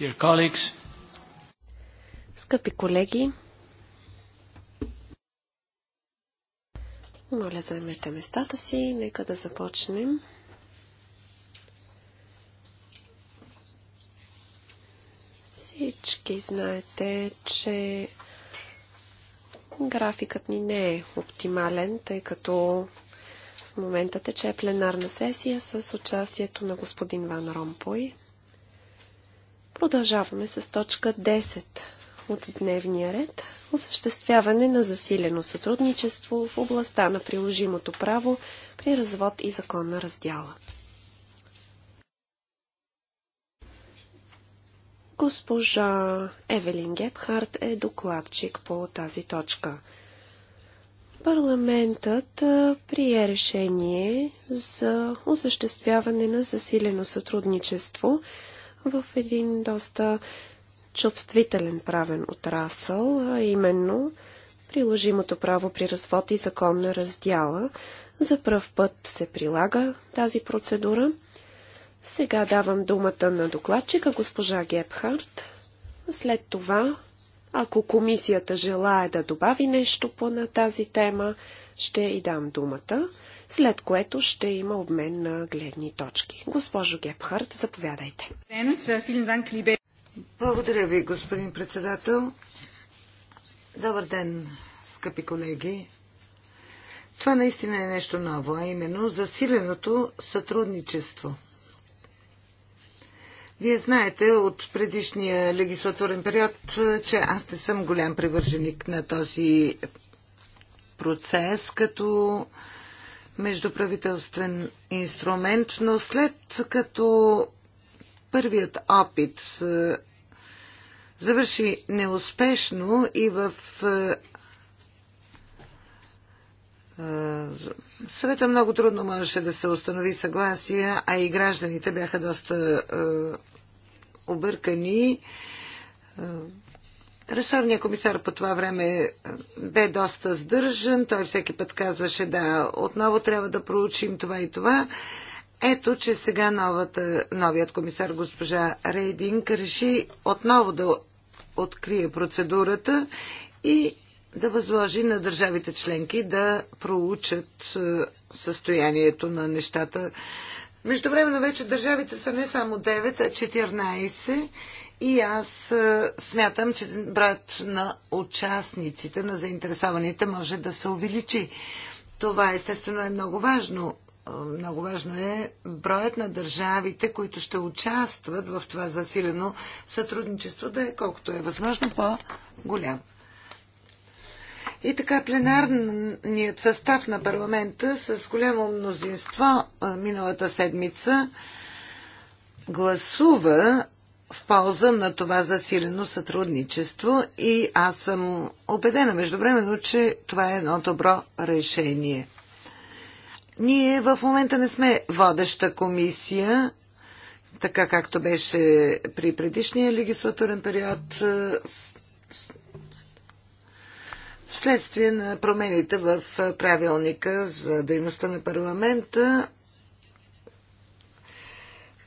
Dear colleagues. Скъпи колеги, моля заемете местата си, нека да започнем. Всички знаете, че графикът ни не е оптимален, тъй като в момента тече пленарна сесия с участието на господин Ван Ромпой. Продължаваме с точка 10 от дневния ред. Осъществяване на засилено сътрудничество в областта на приложимото право при развод и закон на раздяла. Госпожа Евелин Гепхарт е докладчик по тази точка. Парламентът прие решение за осъществяване на засилено сътрудничество – в един доста чувствителен правен отрасъл, а именно приложимото право при развод и закон на раздяла. За пръв път се прилага тази процедура. Сега давам думата на докладчика госпожа Гепхарт. След това, ако комисията желая да добави нещо по на тази тема, ще й дам думата след което ще има обмен на гледни точки. Госпожо Гепхарт, заповядайте. Благодаря ви, господин председател. Добър ден, скъпи колеги. Това наистина е нещо ново, а именно засиленото сътрудничество. Вие знаете от предишния легислатурен период, че аз не съм голям привърженик на този процес, като междуправителствен инструмент, но след като първият опит е, завърши неуспешно и в е, е, съвета много трудно можеше да се установи съгласие, а и гражданите бяха доста объркани. Ресорният комисар по това време е, бе доста сдържан. Той всеки път казваше, да, отново трябва да проучим това и това. Ето, че сега новата, новият комисар госпожа Рейдинг реши отново да открие процедурата и да възложи на държавите членки да проучат е, състоянието на нещата. Междувременно вече държавите са не само 9, а 14 и аз е, смятам, че броят на участниците, на заинтересованите може да се увеличи. Това естествено е много важно. Е, много важно е броят на държавите, които ще участват в това засилено сътрудничество, да е колкото е възможно по-голям. И така пленарният състав на парламента с голямо мнозинство е, миналата седмица гласува в полза на това засилено сътрудничество и аз съм убедена междувременно, че това е едно добро решение. Ние в момента не сме водеща комисия, така както беше при предишния легислатурен период, вследствие на промените в правилника за дейността на парламента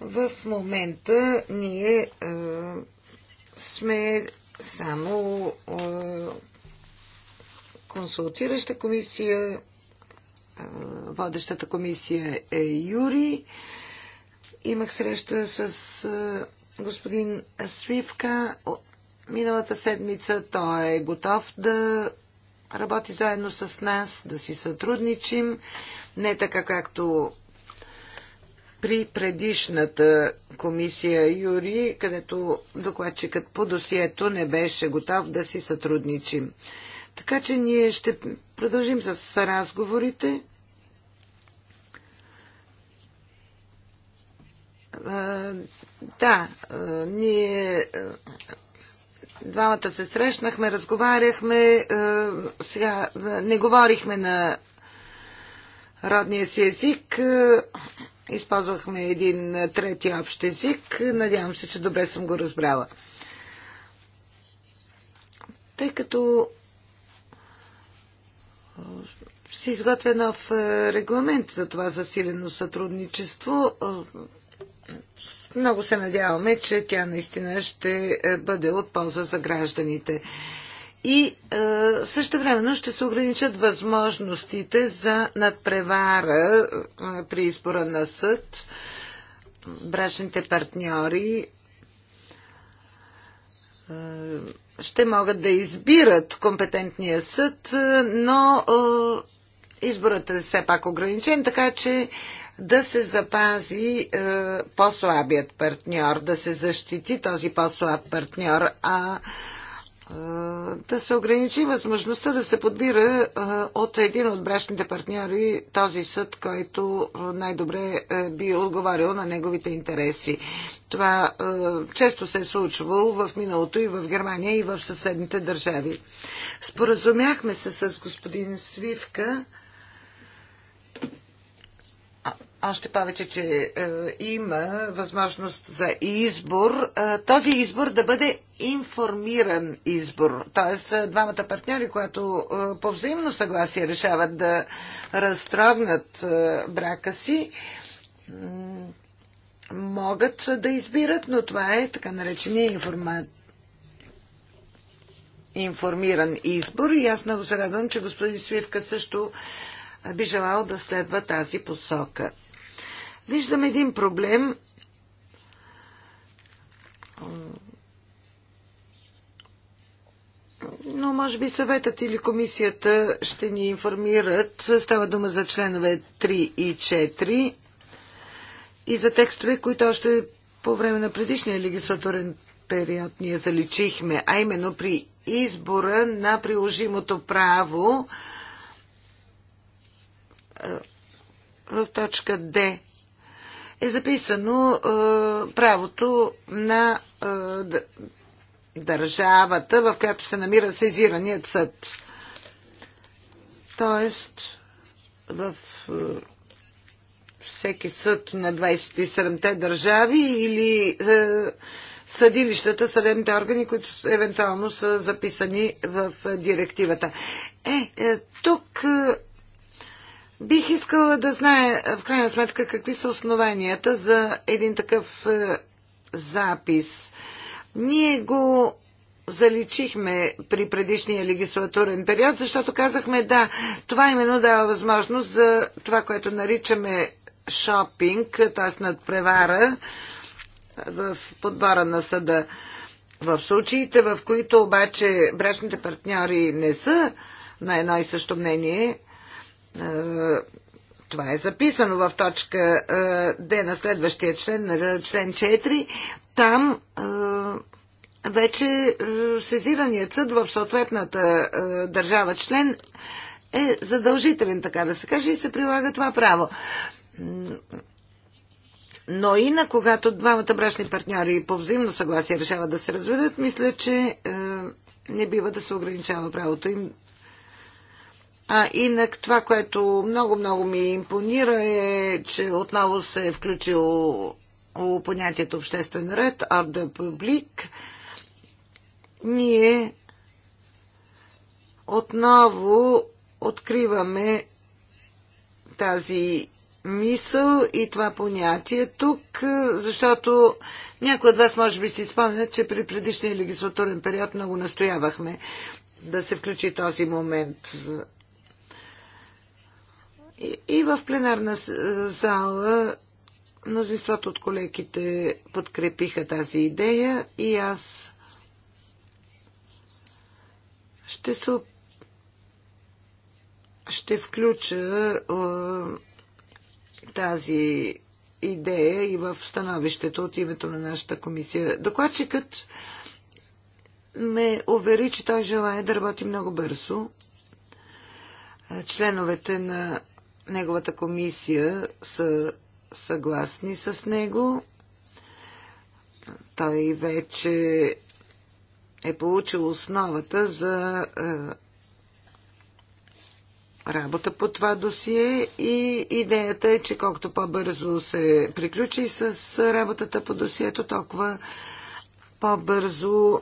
в момента ние е, сме само е, консултираща комисия. Е, водещата комисия е Юри. Имах среща с е, господин Свивка миналата седмица. Той е готов да работи заедно с нас, да си сътрудничим. Не така както при предишната комисия Юри, където докладчикът по досието не беше готов да си сътрудничим. Така че ние ще продължим с разговорите. Да, ние двамата се срещнахме, разговаряхме, сега не говорихме на родния си език. Използвахме един трети общ език. Надявам се, че добре съм го разбрала. Тъй като се изготвя нов регламент за това засилено сътрудничество, много се надяваме, че тя наистина ще бъде от полза за гражданите и е, също времено ще се ограничат възможностите за надпревара е, при избора на съд, брачните партньори е, ще могат да избират компетентния съд, е, но е, изборът е все пак ограничен, така че да се запази е, по-слабият партньор, да се защити този по-слаб партньор, а е, е, да се ограничи възможността да се подбира е, от един от брачните партньори този съд, който най-добре е, би отговарял на неговите интереси. Това често се е случвало в миналото и в Германия, и в съседните държави. Споразумяхме се с господин Свивка още повече, че е, има възможност за избор. Е, този избор да бъде информиран избор. Тоест, е, двамата партньори, които е, по взаимно съгласие решават да разтрогнат е, брака си, могат да избират, но това е така наречения информа... информиран избор и аз много се радвам, че господин Свивка също би желал да следва тази посока виждам един проблем, но може би съветът или комисията ще ни информират. Става дума за членове 3 и 4 и за текстове, които още по време на предишния легислаторен период ние заличихме, а именно при избора на приложимото право в точка Д е записано е, правото на е, държавата, в която се намира сезираният съд. Тоест, в е, всеки съд на 27-те държави или е, съдилищата, съдебните органи, които евентуално са записани в директивата. Е, е тук Бих искала да знае в крайна сметка какви са основанията за един такъв е, запис. Ние го заличихме при предишния легислатурен период, защото казахме да, това именно дава възможност за това, което наричаме шопинг, т.е. надпревара в подбора на съда. В случаите, в които обаче брачните партньори не са на едно и също мнение, това е записано в точка Д на следващия член, на член 4. Там вече сезираният съд в съответната държава член е задължителен, така да се каже, и се прилага това право. Но и на когато двамата брачни партньори по взаимно съгласие решават да се разведат, мисля, че не бива да се ограничава правото им а инак това, което много-много ми импонира е, че отново се е включило понятието обществен ред, Арде публик. Ние отново откриваме тази мисъл и това понятие тук, защото някои от вас може би си спомнят, че при предишния легислатурен период много настоявахме да се включи този момент и в пленарна зала мнозинството от колегите подкрепиха тази идея и аз ще се ще включа е, тази идея и в становището от името на нашата комисия. Докладчикът ме увери, че той желая да работи много бързо. Членовете на неговата комисия са съгласни с него. Той вече е получил основата за е, работа по това досие и идеята е, че колкото по-бързо се приключи с работата по досието, толкова по-бързо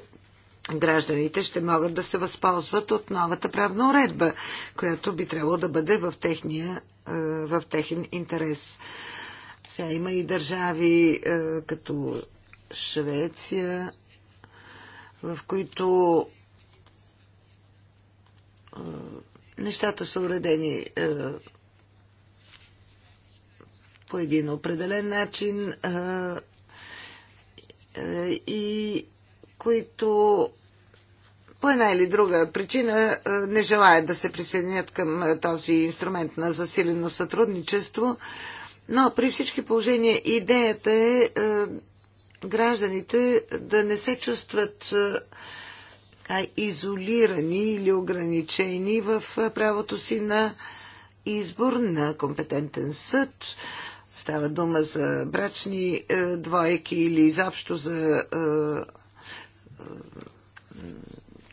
гражданите ще могат да се възползват от новата правна уредба, която би трябвало да бъде в, техния, е, в техен интерес. Сега има и държави е, като Швеция, в които е, нещата са уредени по един определен начин и които по една или друга причина не желаят да се присъединят към този инструмент на засилено сътрудничество. Но при всички положения идеята е гражданите да не се чувстват изолирани или ограничени в правото си на избор на компетентен съд. Става дума за брачни двойки или изобщо за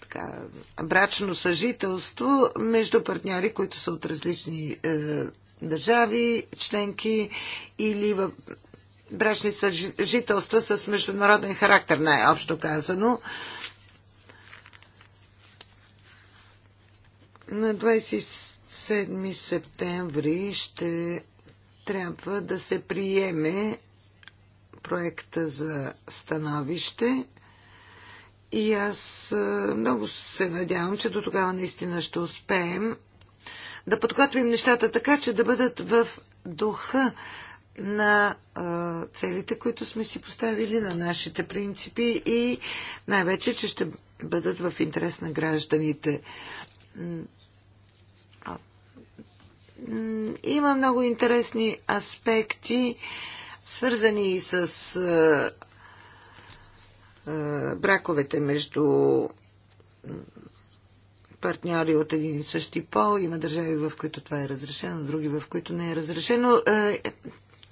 така, брачно съжителство между партньори, които са от различни е, държави, членки или в брачни съжителства с международен характер, най-общо казано. На 27 септември ще трябва да се приеме проекта за становище и аз много се надявам, че до тогава наистина ще успеем да подготвим нещата така, че да бъдат в духа на целите, които сме си поставили, на нашите принципи и най-вече, че ще бъдат в интерес на гражданите. Има много интересни аспекти, свързани и с браковете между партньори от един и същи пол. Има държави, в които това е разрешено, други, в които не е разрешено.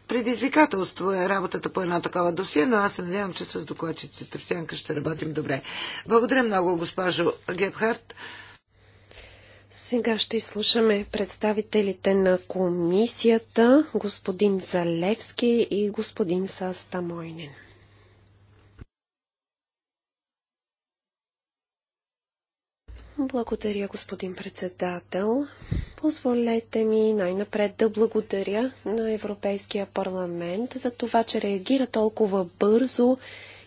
Предизвикателство е работата по едно такова досие, но аз се надявам, че с докладчицата в сянка ще работим добре. Благодаря много, госпожо Гебхарт. Сега ще изслушаме представителите на комисията, господин Залевски и господин Састамойнин. Благодаря, господин председател. Позволете ми най-напред да благодаря на Европейския парламент за това, че реагира толкова бързо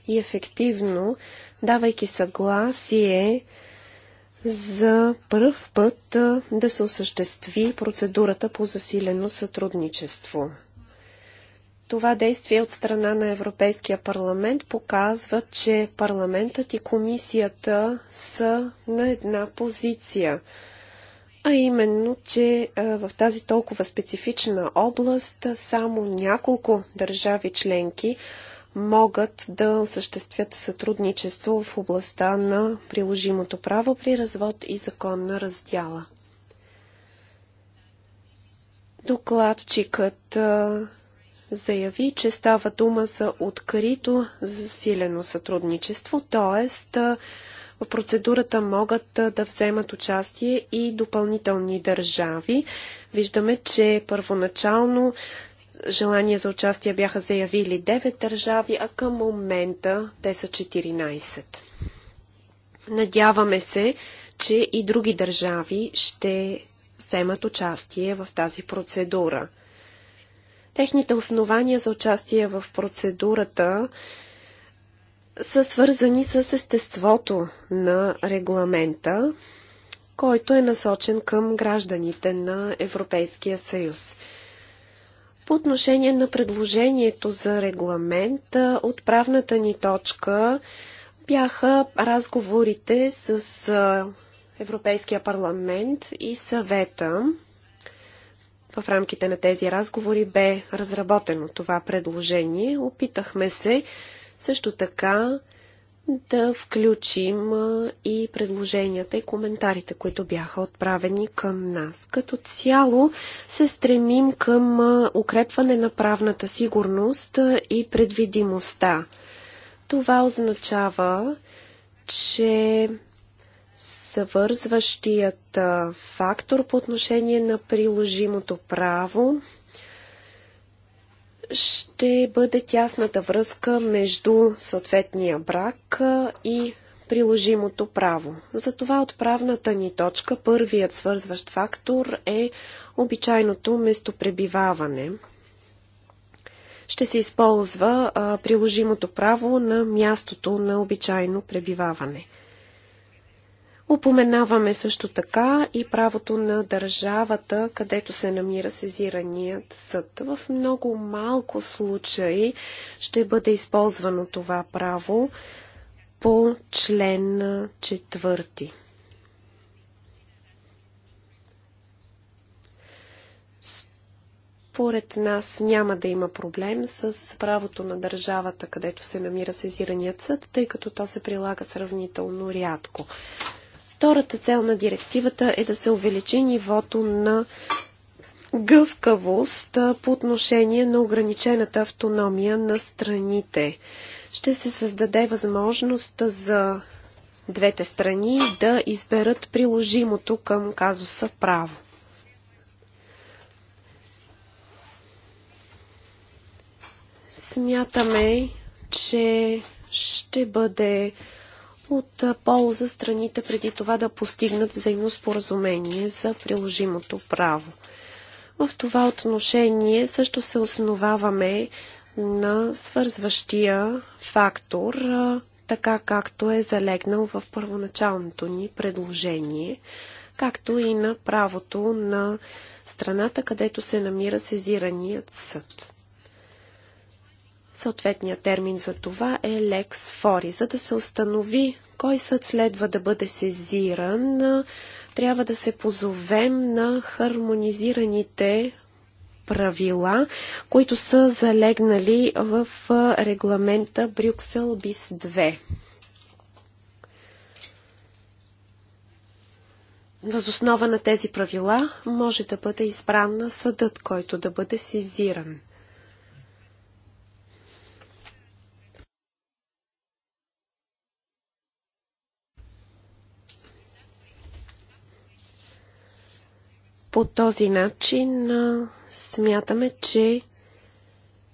и ефективно, давайки съгласие за първ път да се осъществи процедурата по засилено сътрудничество. Това действие от страна на Европейския парламент показва, че парламентът и комисията са на една позиция. А именно, че в тази толкова специфична област само няколко държави членки могат да осъществят сътрудничество в областта на приложимото право при развод и закон на раздяла. Докладчикът заяви, че става дума за открито засилено сътрудничество, т.е. в процедурата могат да вземат участие и допълнителни държави. Виждаме, че първоначално желание за участие бяха заявили 9 държави, а към момента те са 14. Надяваме се, че и други държави ще вземат участие в тази процедура. Техните основания за участие в процедурата са свързани с естеството на регламента, който е насочен към гражданите на Европейския съюз. По отношение на предложението за регламент, отправната ни точка бяха разговорите с Европейския парламент и съвета. В рамките на тези разговори бе разработено това предложение. Опитахме се също така да включим и предложенията и коментарите, които бяха отправени към нас. Като цяло се стремим към укрепване на правната сигурност и предвидимостта. Това означава, че съвързващият фактор по отношение на приложимото право ще бъде тясната връзка между съответния брак и приложимото право. Затова отправната ни точка, първият свързващ фактор е обичайното местопребиваване. Ще се използва а, приложимото право на мястото на обичайно пребиваване. Упоменаваме също така и правото на държавата, където се намира сезираният съд. В много малко случаи ще бъде използвано това право по член четвърти. Според нас няма да има проблем с правото на държавата, където се намира сезираният съд, тъй като то се прилага сравнително рядко. Втората цел на директивата е да се увеличи нивото на гъвкавост по отношение на ограничената автономия на страните. Ще се създаде възможност за двете страни да изберат приложимото към казуса право. Смятаме, че ще бъде от полза страните преди това да постигнат взаимоспоразумение за приложимото право. В това отношение също се основаваме на свързващия фактор, така както е залегнал в първоначалното ни предложение, както и на правото на страната, където се намира сезираният съд. Съответният термин за това е lex fori. За да се установи кой съд следва да бъде сезиран, трябва да се позовем на хармонизираните правила, които са залегнали в регламента Брюксел БИС 2. Възоснова на тези правила може да бъде избран на съдът, който да бъде сезиран – По този начин смятаме, че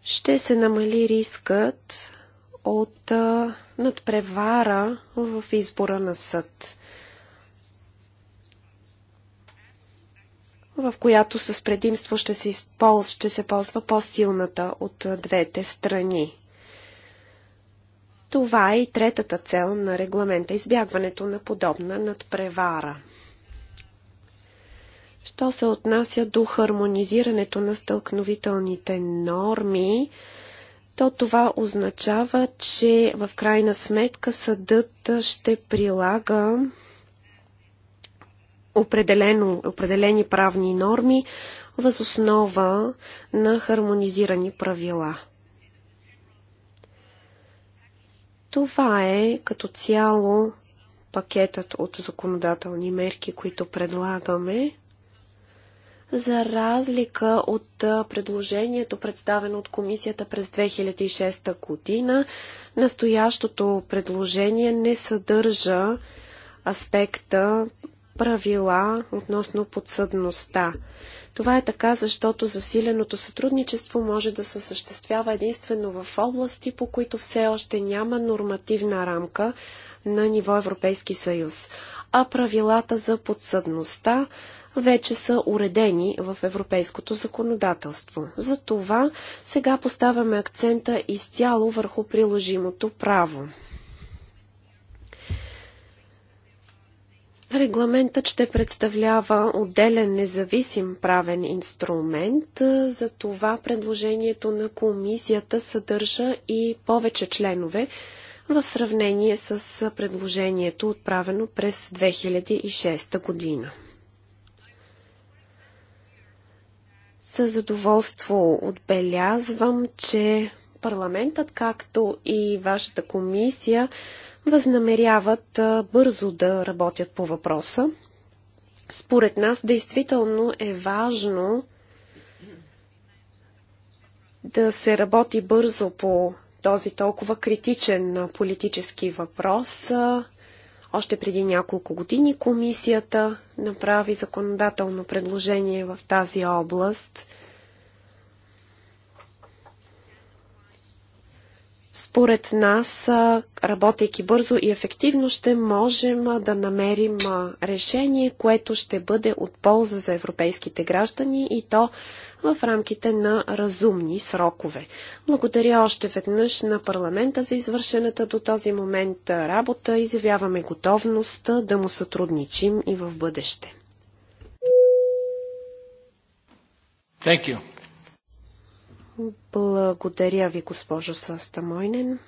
ще се намали рискът от надпревара в избора на съд, в която с предимство ще се, използ, ще се ползва по-силната от двете страни. Това е и третата цел на регламента – избягването на подобна надпревара. Що се отнася до хармонизирането на стълкновителните норми, то това означава, че в крайна сметка съдът ще прилага определено, определени правни норми въз основа на хармонизирани правила. Това е като цяло пакетът от законодателни мерки, които предлагаме за разлика от предложението, представено от комисията през 2006 година, настоящото предложение не съдържа аспекта правила относно подсъдността. Това е така, защото засиленото сътрудничество може да се осъществява единствено в области, по които все още няма нормативна рамка на ниво Европейски съюз. А правилата за подсъдността вече са уредени в европейското законодателство. За това сега поставяме акцента изцяло върху приложимото право. Регламентът ще представлява отделен независим правен инструмент. Е, за това предложението на комисията съдържа и повече членове в сравнение с предложението отправено през 2006 година. С задоволство отбелязвам, че парламентът, както и вашата комисия, възнамеряват бързо да работят по въпроса. Според нас действително е важно да се работи бързо по този толкова критичен политически въпрос. Още преди няколко години комисията направи законодателно предложение в тази област. Според нас, работейки бързо и ефективно, ще можем да намерим решение, което ще бъде от полза за европейските граждани и то в рамките на разумни срокове. Благодаря още веднъж на парламента за извършената до този момент работа. Изявяваме готовност да му сътрудничим и в бъдеще. Thank you. Благодаря ви, госпожо Састамойнен.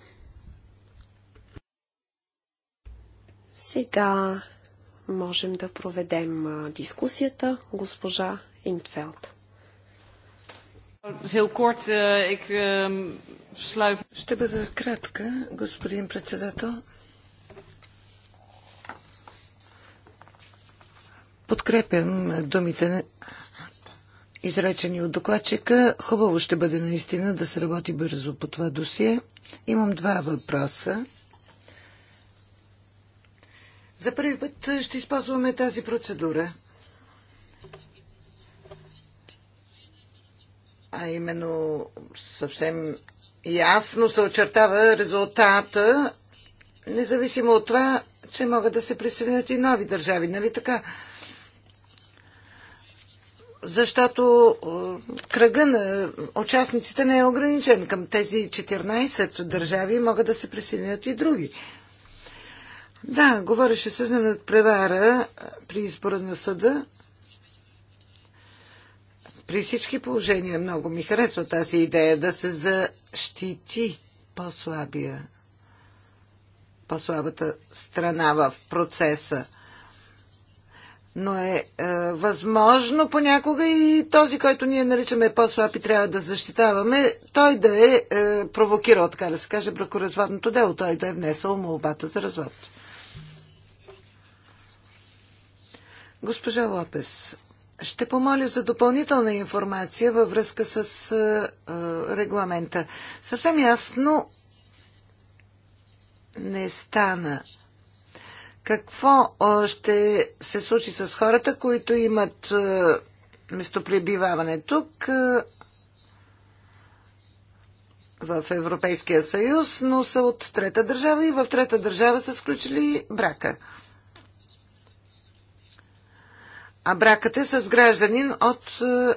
Сега можем да проведем дискусията госпожа Интфелд. Eh, ehm, ще бъда кратка, господин председател. Подкрепям думите, изречени от докладчика. Хубаво ще бъде наистина да се работи бързо по това досие. Имам два въпроса. За първи път ще използваме тази процедура. а именно съвсем ясно се очертава резултата, независимо от това, че могат да се присъединят и нови държави, нали така? Защото е, кръга на участниците не е ограничен. Към тези 14 държави могат да се присъединят и други. Да, говореше се за надпревара е, при избора на съда. При всички положения много ми харесва тази идея да се защити по-слабия, по-слабата страна в процеса. Но е, е възможно понякога и този, който ние наричаме по-слаб и трябва да защитаваме, той да е, е провокирал, така да се каже, бракоразводното дело, той да е внесъл молбата за развод. Госпожа Лопес, ще помоля за допълнителна информация във връзка с регламента. Съвсем ясно не стана. Какво ще се случи с хората, които имат местопребиваване тук в Европейския съюз, но са от трета държава и в трета държава са сключили брака? а бракът е с гражданин от е,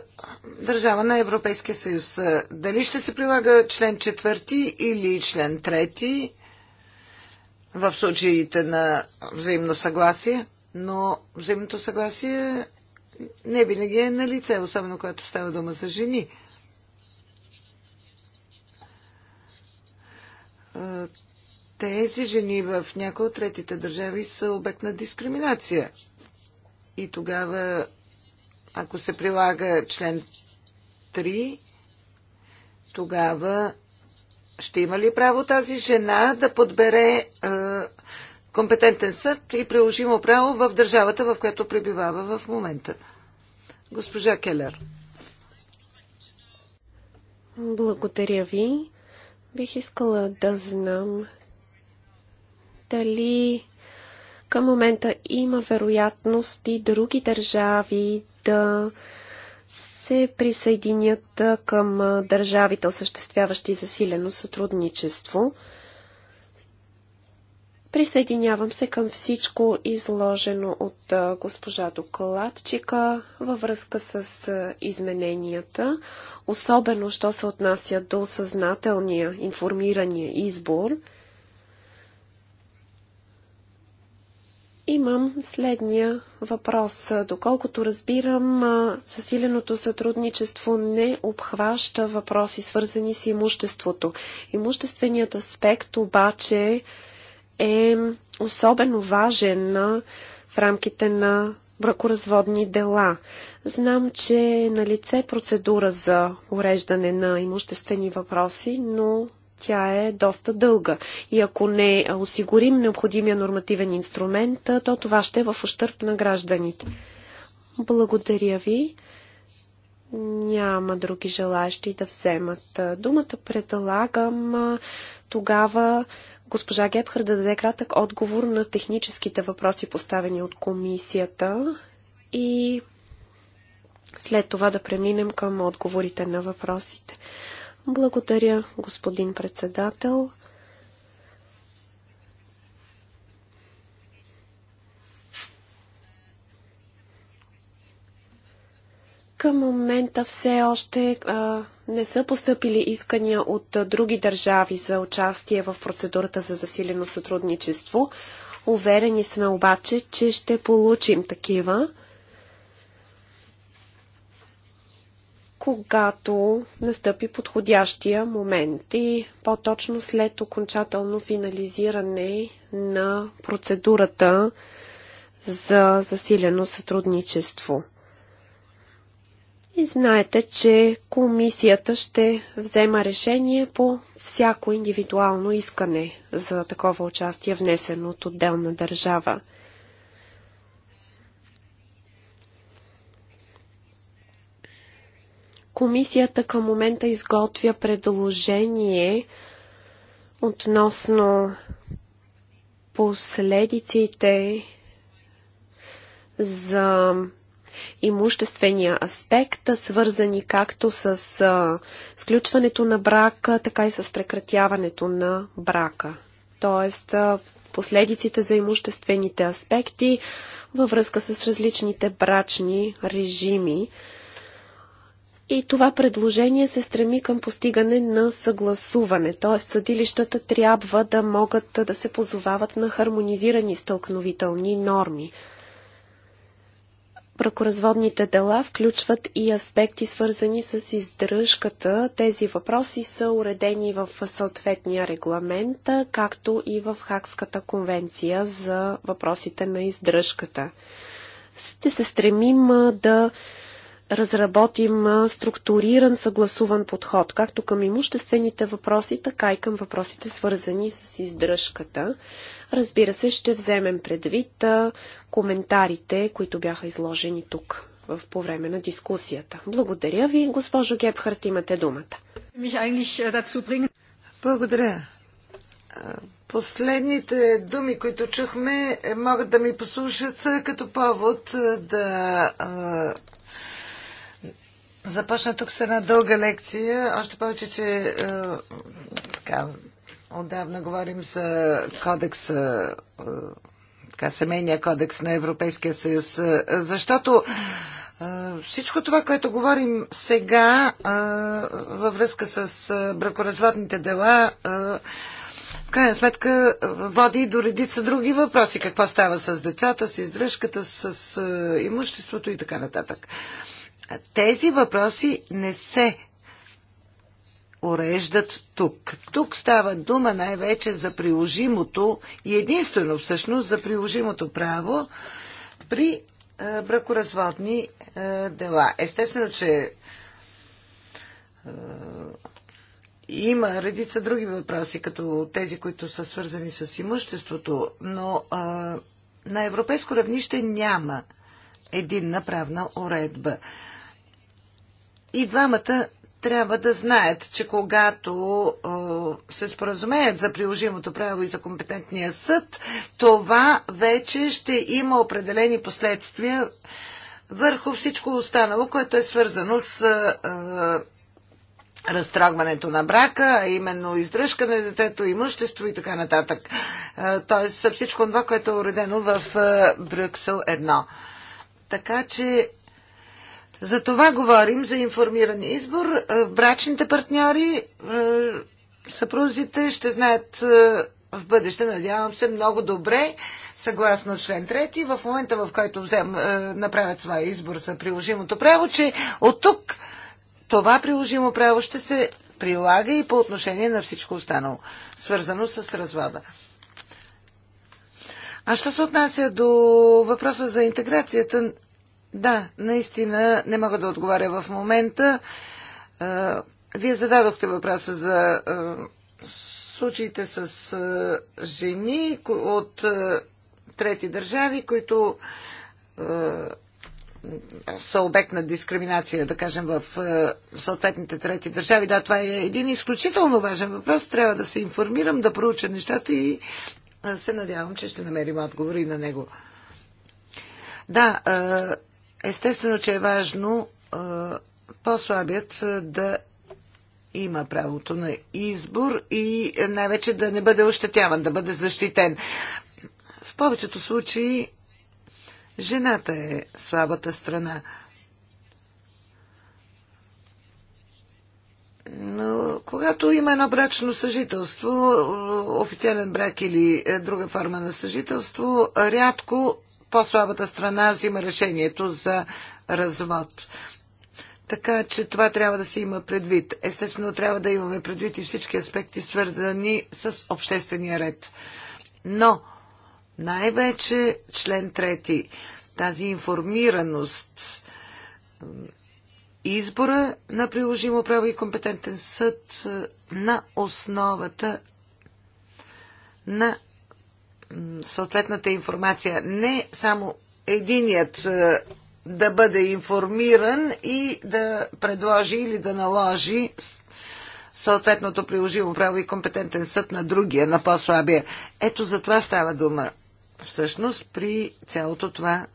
държава на Европейския съюз. Е, дали ще се прилага член 4 или член 3 в случаите на взаимно съгласие, но взаимното съгласие не винаги е на лице, особено когато става дума за жени. Е, тези жени в някои от третите държави са обект на дискриминация – и тогава, ако се прилага член 3, тогава ще има ли право тази жена да подбере е, компетентен съд и приложимо право в държавата, в която пребивава в момента? Госпожа Келер. Благодаря ви. Бих искала да знам дали към момента има вероятност и други държави да се присъединят към държавите, осъществяващи засилено сътрудничество. Присъединявам се към всичко изложено от госпожа докладчика във връзка с измененията, особено що се отнася до съзнателния, информирания избор – Имам следния въпрос. Доколкото разбирам, засиленото сътрудничество не обхваща въпроси, свързани с имуществото. Имущественият аспект обаче е особено важен в рамките на бракоразводни дела. Знам, че е на лице процедура за уреждане на имуществени въпроси, но тя е доста дълга. И ако не осигурим необходимия нормативен инструмент, то това ще е в ущърп на гражданите. Благодаря ви. Няма други желащи да вземат думата. Предлагам тогава госпожа Гепхър да даде кратък отговор на техническите въпроси, поставени от комисията и след това да преминем към отговорите на въпросите. Благодаря, господин председател. към момента все още а, не са поступили искания от а, други държави за участие в процедурата за засилено сътрудничество. Уверени сме обаче, че ще получим такива. когато настъпи подходящия момент и по-точно след окончателно финализиране на процедурата за засилено сътрудничество. И знаете, че комисията ще взема решение по всяко индивидуално искане за такова участие, внесено от отделна държава. Комисията към момента изготвя предложение относно последиците за имуществения аспект, свързани както с сключването на брака, така и с прекратяването на брака. Тоест, последиците за имуществените аспекти във връзка с различните брачни режими – и това предложение се стреми към постигане на съгласуване, т.е. съдилищата трябва да могат да се позовават на хармонизирани стълкновителни норми. Бракоразводните дела включват и аспекти, свързани с издръжката. Тези въпроси са уредени в съответния регламент, както и в Хакската конвенция за въпросите на издръжката. Ще се стремим да разработим структуриран, съгласуван подход, както към имуществените въпроси, така и към въпросите свързани с издръжката. Разбира се, ще вземем предвид коментарите, които бяха изложени тук в, по време на дискусията. Благодаря ви, госпожо Гепхарт, имате думата. Благодаря. Последните думи, които чухме, е, могат да ми послушат като повод да Започна тук с една дълга лекция, още повече, че е, така, отдавна говорим за кодекса, е, така, семейния кодекс на Европейския съюз, е, защото е, всичко това, което говорим сега е, във връзка с е, бракоразводните дела, е, в крайна сметка е, води и до редица други въпроси. Какво става с децата, с издръжката, с е, имуществото и така нататък тези въпроси не се уреждат тук. Тук става дума най-вече за приложимото и единствено всъщност за приложимото право при а, е, бракоразводни а, е, дела. Естествено, че а, е, има редица други въпроси, като тези, които са свързани с имуществото, но а, на европейско равнище няма единна правна уредба. А, и двамата трябва да знаят, че когато се споразумеят за приложимото право и за компетентния съд, това вече ще има определени последствия върху всичко останало, което е свързано с разтрагването на брака, а именно издръжка на детето, имущество и така нататък. Тоест всичко това, което е уредено в Брюксел 1. Така че за това говорим за информиран избор. Е, брачните партньори, е, съпрузите ще знаят е, в бъдеще, надявам се, много добре, съгласно член 3, в момента в който взем, направят своя избор за приложимото право, че от тук това приложимо право ще се прилага и по отношение на всичко останало, свързано с развода. А що се отнася до въпроса за интеграцията да, наистина не мога да отговаря в момента. Вие зададохте въпроса за случаите с жени от трети държави, които са обект на дискриминация, да кажем, в съответните трети държави. Да, това е един изключително важен въпрос. Трябва да се информирам, да проуча нещата и се надявам, че ще намерим отговори на него. Да, Естествено, че е важно по-слабият да има правото на избор и най-вече да не бъде ощетяван, да бъде защитен. В повечето случаи жената е слабата страна. Но когато има едно брачно съжителство, официален брак или е, друга форма на съжителство, рядко по-слабата страна взима решението за развод. Така че това трябва да се има предвид. Естествено, трябва да имаме предвид и всички аспекти, свързани с обществения ред. Но най-вече член трети, тази информираност, избора на приложимо право и компетентен съд е, на основата на съответната информация. Не само единият е, да бъде информиран и да предложи или да наложи съответното приложимо право и компетентен съд на другия, на по-слабия. Ето за това става дума. Всъщност при цялото това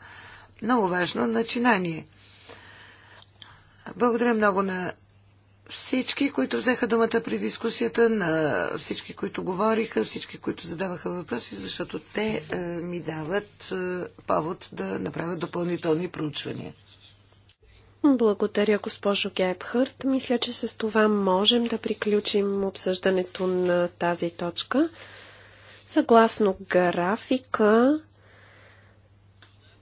много важно начинание. Благодаря много на всички, които взеха думата при дискусията, на всички, които говориха, всички, които задаваха въпроси, защото те е, ми дават е, повод да направят допълнителни проучвания. Благодаря, госпожо Гебхърт. Мисля, че с това можем да приключим обсъждането на тази точка. Съгласно графика,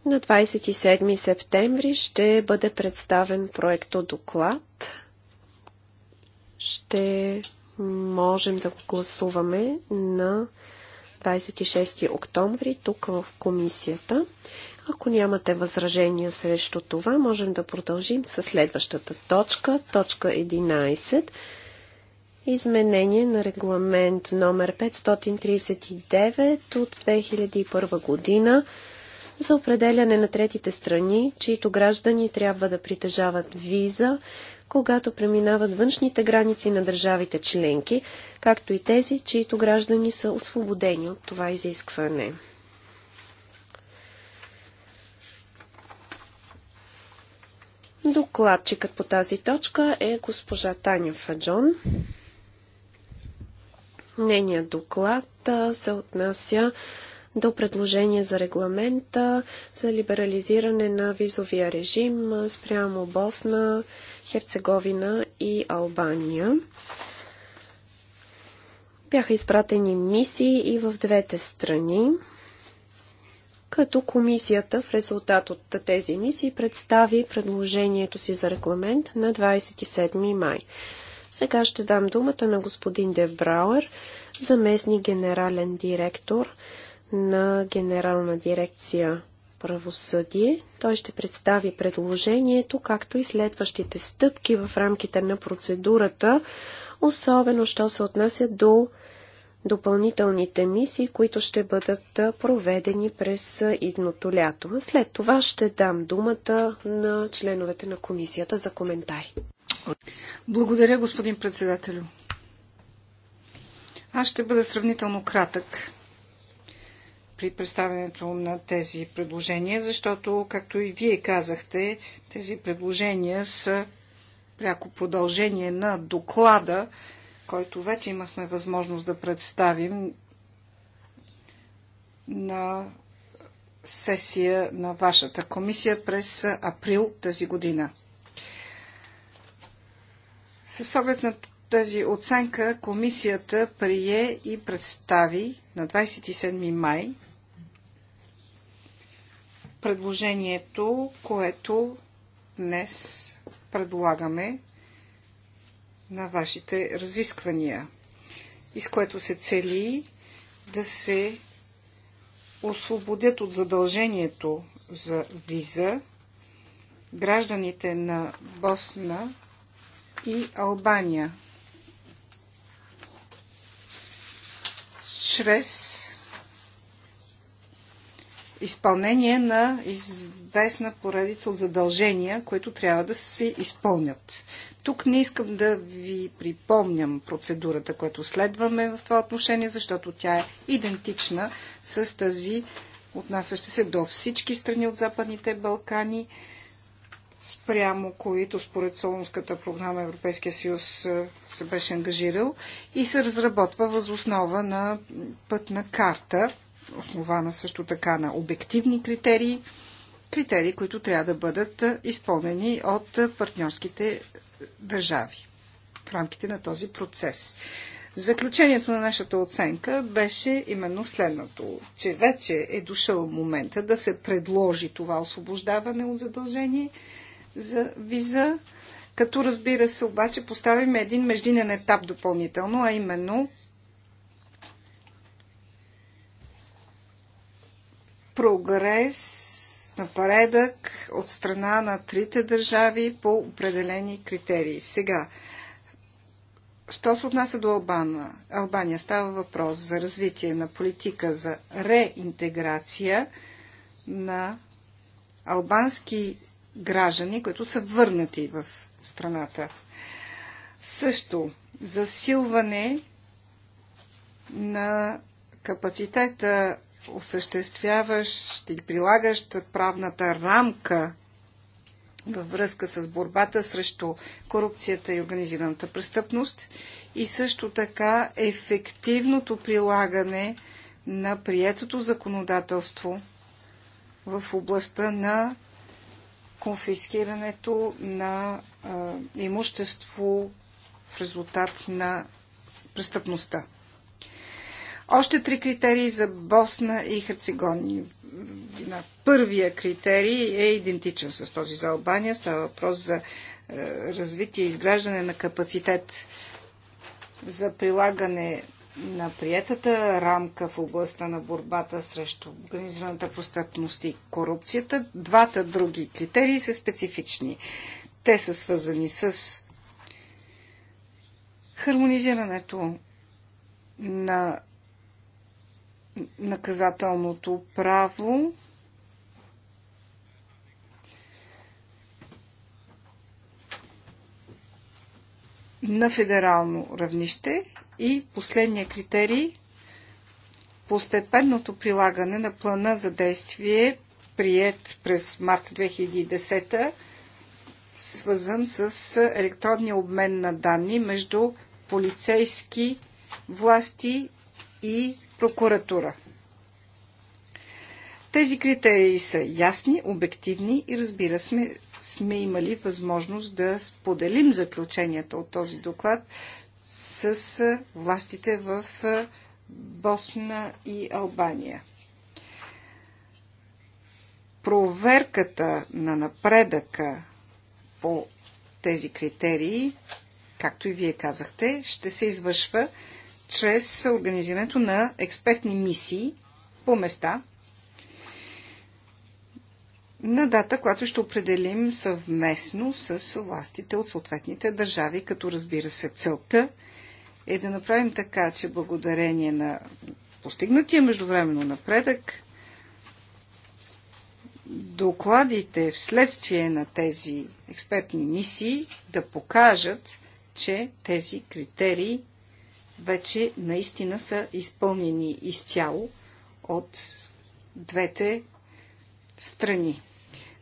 на 27 септември ще бъде представен проекто доклад ще можем да го гласуваме на 26 октомври тук в комисията. Ако нямате възражения срещу това, можем да продължим с следващата точка, точка 11. Изменение на регламент номер 539 от 2001 година за определяне на третите страни, чието граждани трябва да притежават виза когато преминават външните граници на държавите членки, както и тези, чието граждани са освободени от това изискване. Докладчикът по тази точка е госпожа Таня Фаджон. Нейният доклад се отнася до предложение за регламента за либерализиране на визовия режим спрямо Босна, Херцеговина и Албания. Бяха изпратени мисии и в двете страни като комисията в резултат от тези мисии представи предложението си за регламент на 27 май. Сега ще дам думата на господин Брауер, заместник генерален директор на Генерална дирекция правосъдие. Той ще представи предложението, както и следващите стъпки в рамките на процедурата, особено що се отнася до допълнителните мисии, които ще бъдат проведени през идното лято. След това ще дам думата на членовете на комисията за коментари. Благодаря, господин председателю. Аз ще бъда сравнително кратък при представянето на тези предложения, защото, както и вие казахте, тези предложения са пряко продължение на доклада, който вече имахме възможност да представим на сесия на вашата комисия през април тази година. С оглед на тази оценка комисията прие и представи на 27 май предложението, което днес предлагаме на вашите разисквания и с което се цели да се освободят от задължението за виза гражданите на Босна и Албания чрез изпълнение на известна поредица от задължения, които трябва да се изпълнят. Тук не искам да ви припомням процедурата, която следваме в това отношение, защото тя е идентична с тази, отнасяща се до всички страни от Западните Балкани, спрямо които според Солунската програма Европейския съюз е, се беше ангажирал и се разработва възоснова на пътна карта – основана също така на обективни критерии, критерии, които трябва да бъдат изпълнени от партньорските държави в рамките на този процес. Заключението на нашата оценка беше именно следното, че вече е дошъл момента да се предложи това освобождаване от задължение за виза, като разбира се обаче поставим един междинен етап допълнително, а именно прогрес, напредък от страна на трите държави по определени критерии. Сега, що се отнася до Албана? Албания става въпрос за развитие на политика за реинтеграция на албански граждани, които са върнати в страната. Също засилване на капацитета осъществяващ или прилагаш правната рамка във връзка с борбата срещу корупцията и организираната престъпност и също така ефективното прилагане на приетото законодателство в областта на конфискирането на а, имущество в резултат на престъпността. Още три критерии за Босна и Херцеговина. Първия критерий е идентичен с този за Албания. Става въпрос за е, развитие и изграждане на капацитет за прилагане на приятата рамка в областта на борбата срещу организираната престъпност и корупцията. Двата други критерии са специфични. Те са свързани с хармонизирането на наказателното право. на федерално равнище и последния критерий постепенното прилагане на плана за действие, прият през март 2010, свързан с електронния обмен на данни между полицейски власти и прокуратура. Тези критерии са ясни, обективни и разбира сме, сме имали възможност да споделим заключенията от този доклад с властите в Босна и Албания. Проверката на напредъка по тези критерии, както и вие казахте, ще се извършва чрез организирането на експертни мисии по места на дата, която ще определим съвместно с властите от съответните държави, като разбира се целта е да направим така, че благодарение на постигнатия междувременно напредък, докладите вследствие на тези експертни мисии да покажат, че тези критерии вече наистина са изпълнени изцяло от двете страни.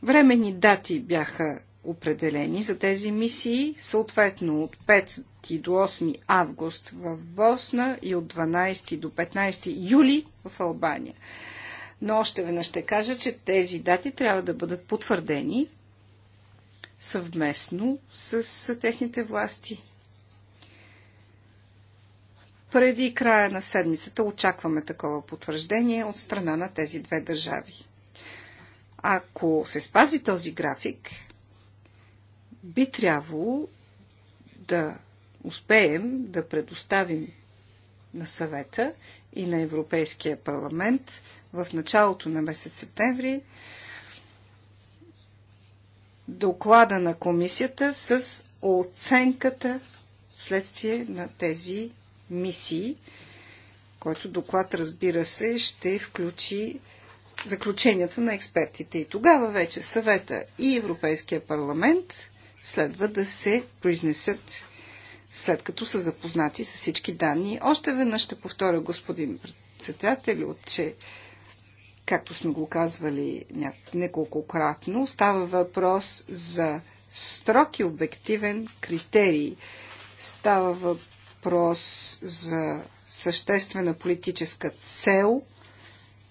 Времени дати бяха определени за тези мисии, съответно от 5 до 8 август в Босна и от 12 до 15 юли в Албания. Но още веднъж ще кажа, че тези дати трябва да бъдат потвърдени съвместно с техните власти. Преди края на седмицата очакваме такова потвърждение от страна на тези две държави. Ако се спази този график, би трябвало да успеем да предоставим на съвета и на Европейския парламент в началото на месец септември доклада на комисията с оценката вследствие на тези мисии, който доклад, разбира се, ще включи заключенията на експертите. И тогава вече съвета и Европейския парламент следва да се произнесат след като са запознати с всички данни. Още веднъж ще повторя, господин председател, че както сме го казвали неколкократно, става въпрос за строг и обективен критерий. Става въпрос въпрос за съществена политическа цел,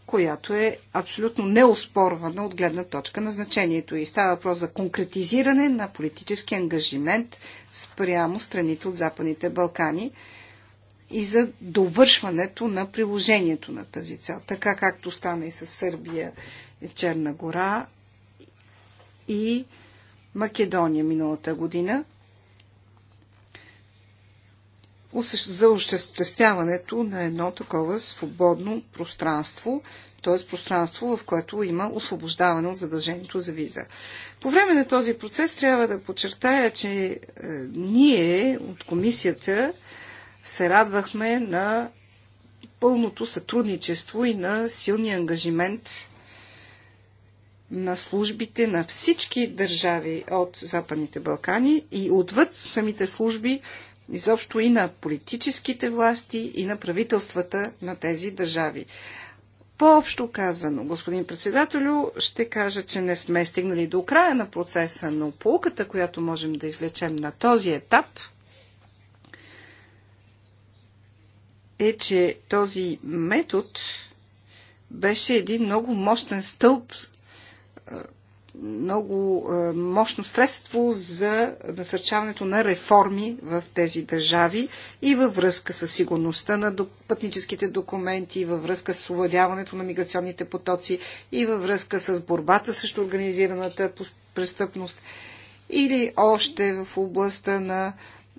която е абсолютно неоспорвана от гледна точка на значението и става въпрос за конкретизиране на политически ангажимент спрямо страните от Западните Балкани и за довършването на приложението на тази цел, така както стана и с Сърбия, Черна гора и Македония миналата година – за осъществяването на едно такова свободно пространство, т.е. пространство, в което има освобождаване от задължението за виза. По време на този процес трябва да подчертая, че е, ние от комисията се радвахме на пълното сътрудничество и на силния ангажимент на службите на всички държави от Западните Балкани и отвъд самите служби изобщо и на политическите власти, и на правителствата на тези държави. По-общо казано, господин председателю, ще кажа, че не сме стигнали до края на процеса, но полуката, която можем да излечем на този етап, е, че този метод беше един много мощен стълб, много е, мощно средство за насърчаването на реформи в тези държави и във връзка с сигурността на пътническите документи, и във връзка с овладяването на миграционните потоци и във връзка с борбата срещу организираната престъпност или още в областта на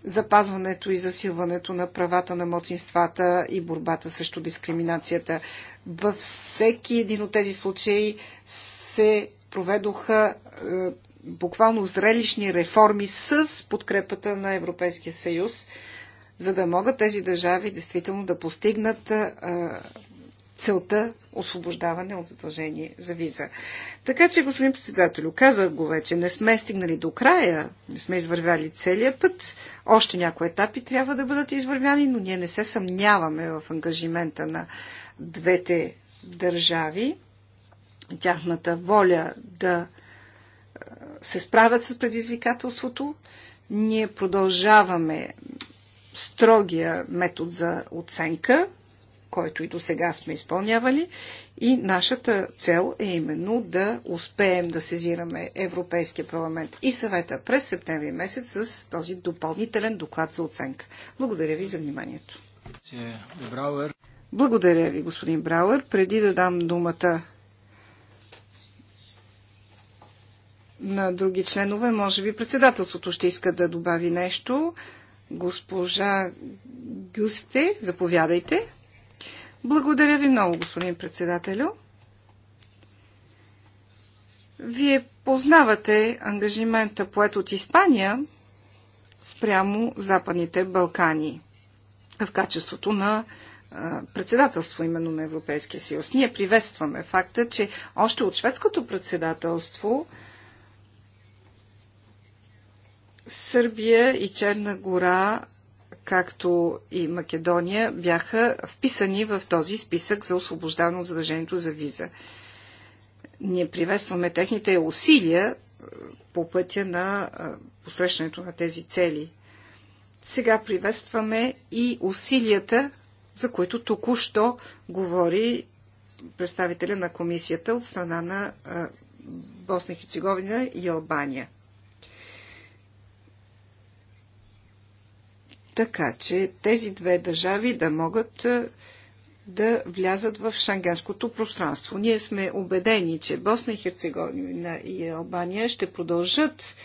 запазването и засилването на правата на младсинствата и борбата срещу дискриминацията. Във всеки един от тези случаи се проведоха е, буквално зрелищни реформи с подкрепата на Европейския съюз, за да могат тези държави действително да постигнат е, целта освобождаване от задължение за виза. Така че, господин председател, казах го вече, не сме стигнали до края, не сме извървяли целия път, още някои етапи трябва да бъдат извървяни, но ние не се съмняваме в ангажимента на двете държави тяхната воля да се справят с предизвикателството, ние продължаваме строгия метод за оценка, който и до сега сме изпълнявали. И нашата цел е именно да успеем да сезираме Европейския парламент и съвета през септември месец с този допълнителен доклад за оценка. Благодаря ви за вниманието. Благодаря ви, господин Брауер. Преди да дам думата на други членове. Може би председателството ще иска да добави нещо. Госпожа Гюсте, заповядайте. Благодаря ви много, господин председателю. Вие познавате ангажимента поет от Испания спрямо Западните Балкани в качеството на председателство именно на Европейския съюз. Ние приветстваме факта, че още от шведското председателство Сърбия и Черна гора, както и Македония, бяха вписани в този списък за освобождаване от задължението за виза. Ние приветстваме техните усилия е, по пътя на е, посрещането на тези цели. Сега приветстваме и усилията, за които току-що говори представителя на комисията от страна на е, Босна и Херцеговина и Албания. така че тези две държави да могат е, да влязат в шангенското пространство. Ние сме убедени, че Босна и Херцеговина и Албания ще продължат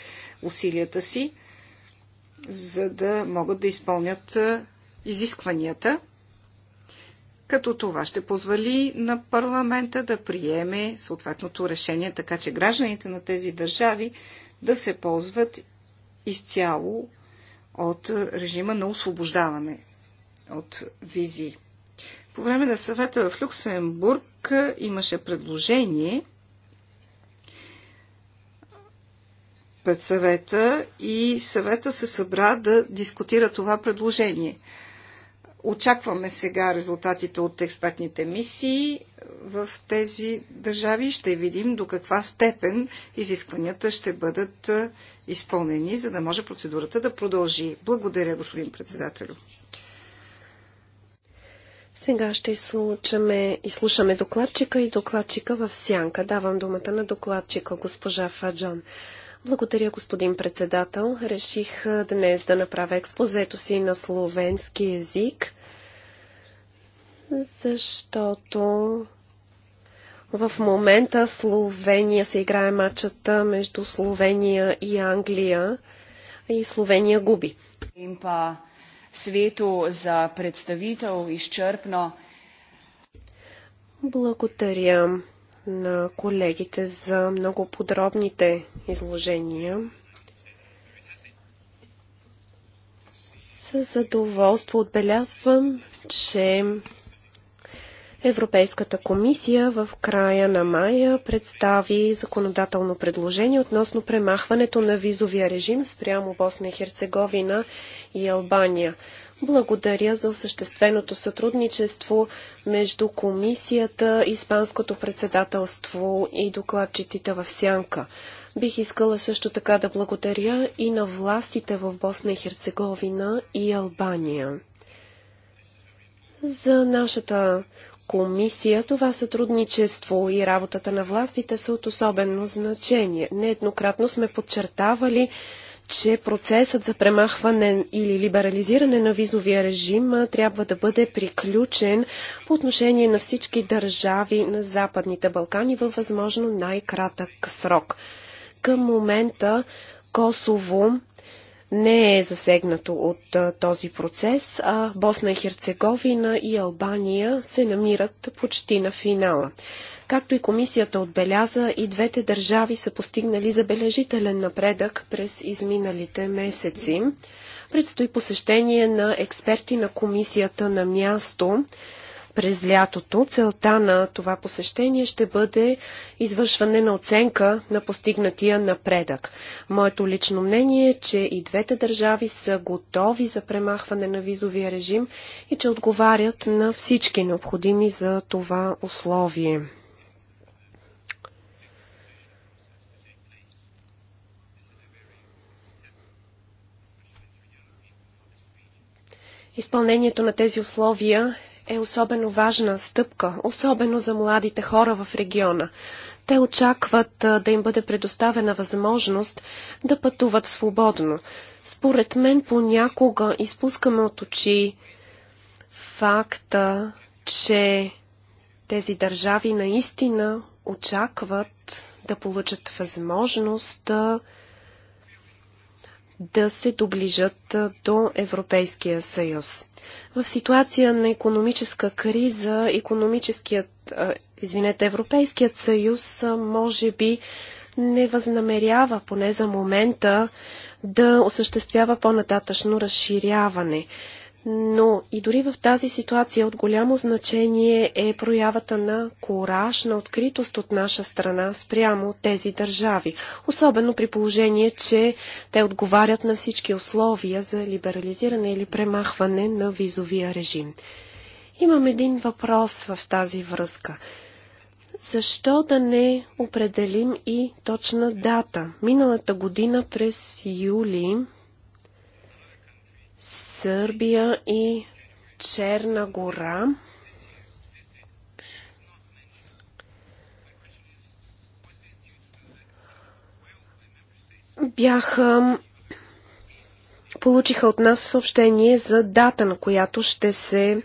усилията си, за да могат да изпълнят е, изискванията, като това ще позволи на парламента да приеме съответното решение, така че гражданите на тези държави да се ползват изцяло от режима на освобождаване от визи. По време на съвета в Люксембург имаше предложение пред съвета и съвета се събра да дискутира това предложение. Очакваме сега резултатите от експертните мисии в тези държави и ще видим до каква степен изискванията ще бъдат изпълнени, за да може процедурата да продължи. Благодаря, господин председателю. Сега ще изслушаме, изслушаме докладчика и докладчика в сянка. Давам думата на докладчика, госпожа Фаджон. Благодаря, господин председател. Реших днес да направя експозето си на словенски язик, защото в момента Словения се играе матчата между Словения и Англия и Словения губи. Им па свето за представител изчерпно. Благодаря на колегите за много подробните изложения. С задоволство отбелязвам, че Европейската комисия в края на мая представи законодателно предложение относно премахването на визовия режим спрямо Босна и Херцеговина и Албания. Благодаря за осъщественото сътрудничество между комисията, Испанското председателство и докладчиците в Сянка. Бих искала също така да благодаря и на властите в Босна и Херцеговина и Албания. За нашата комисия това сътрудничество и работата на властите са от особено значение. Нееднократно сме подчертавали, че процесът за премахване или либерализиране на визовия режим трябва да бъде приключен по отношение на всички държави на Западните Балкани във възможно най-кратък срок. Към момента Косово не е засегнато от а, този процес, а Босна и Херцеговина и Албания се намират почти на финала. Както и комисията отбеляза, и двете държави са постигнали забележителен напредък през изминалите месеци. Предстои посещение на експерти на комисията на място през лятото. Целта на това посещение ще бъде извършване на оценка на постигнатия напредък. Моето лично мнение е, че и двете държави са готови за премахване на визовия режим и че отговарят на всички необходими за това условие. Изпълнението на тези условия е особено важна стъпка, особено за младите хора в региона. Те очакват да им бъде предоставена възможност да пътуват свободно. Според мен понякога изпускаме от очи факта, че тези държави наистина очакват да получат възможност да да се доближат до Европейския съюз. В ситуация на економическа криза, економическият, извинете, Европейският съюз може би не възнамерява, поне за момента, да осъществява по-нататъчно разширяване. Но и дори в тази ситуация от голямо значение е проявата на кораж, на откритост от наша страна спрямо тези държави. Особено при положение, че те отговарят на всички условия за либерализиране или премахване на визовия режим. Имам един въпрос в тази връзка. Защо да не определим и точна дата? Миналата година през юли Сърбия и Черна гора. Бяха получиха от нас съобщение за дата, на която ще се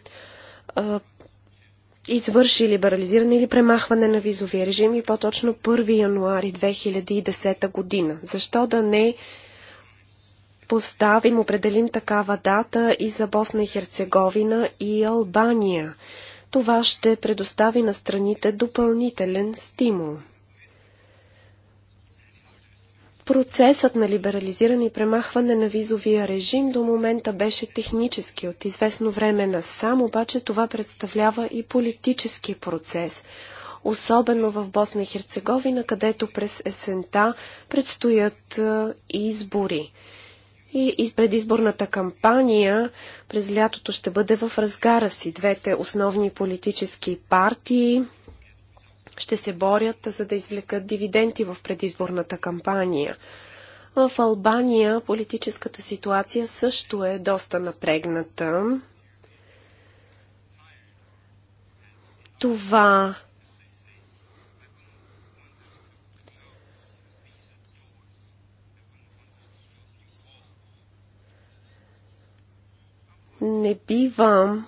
а, извърши либерализиране или премахване на визовия режим и по-точно 1 януари 2010 година. Защо да не поставим, определим такава дата и за Босна и Херцеговина и Албания. Това ще предостави на страните допълнителен стимул. Процесът на либерализиране и премахване на визовия режим до момента беше технически от известно време на сам, обаче това представлява и политически процес особено в Босна и Херцеговина, където през есента предстоят избори и предизборната кампания през лятото ще бъде в разгара си. Двете основни политически партии ще се борят, за да извлекат дивиденти в предизборната кампания. В Албания политическата ситуация също е доста напрегната. Това не бива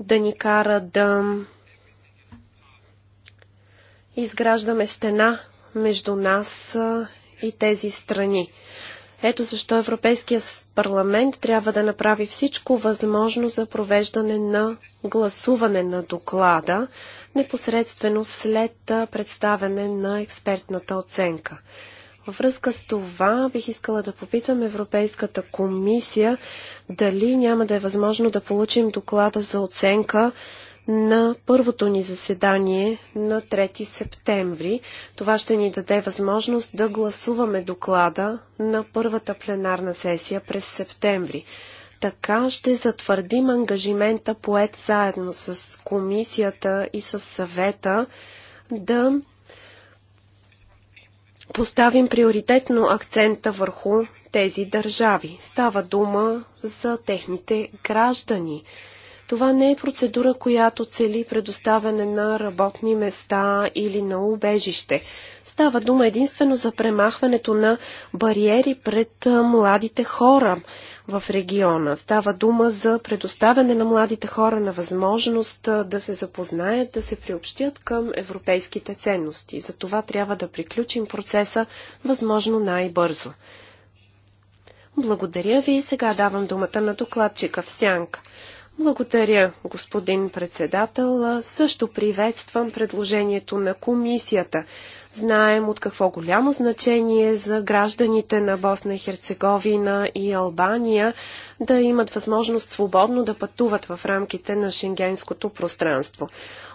да ни кара да изграждаме стена между нас и тези страни. Ето защо Европейския парламент трябва да направи всичко възможно за провеждане на гласуване на доклада, непосредствено след представяне на експертната оценка. Във връзка с това бих искала да попитам Европейската комисия дали няма да е възможно да получим доклада за оценка на първото ни заседание на 3 септември. Това ще ни даде възможност да гласуваме доклада на първата пленарна сесия през септември. Така ще затвърдим ангажимента поет заедно с комисията и с съвета да поставим приоритетно акцента върху тези държави. Става дума за техните граждани. Това не е процедура, която цели предоставяне на работни места или на убежище. Става дума единствено за премахването на бариери пред младите хора в региона. Става дума за предоставяне на младите хора на възможност да се запознаят, да се приобщят към европейските ценности. За това трябва да приключим процеса възможно най-бързо. Благодаря ви и сега давам думата на докладчика в сянка. Благодаря, господин председател. Също приветствам предложението на комисията. Знаем от какво голямо значение е за гражданите на Босна и Херцеговина и Албания да имат възможност свободно да пътуват в рамките на шенгенското пространство.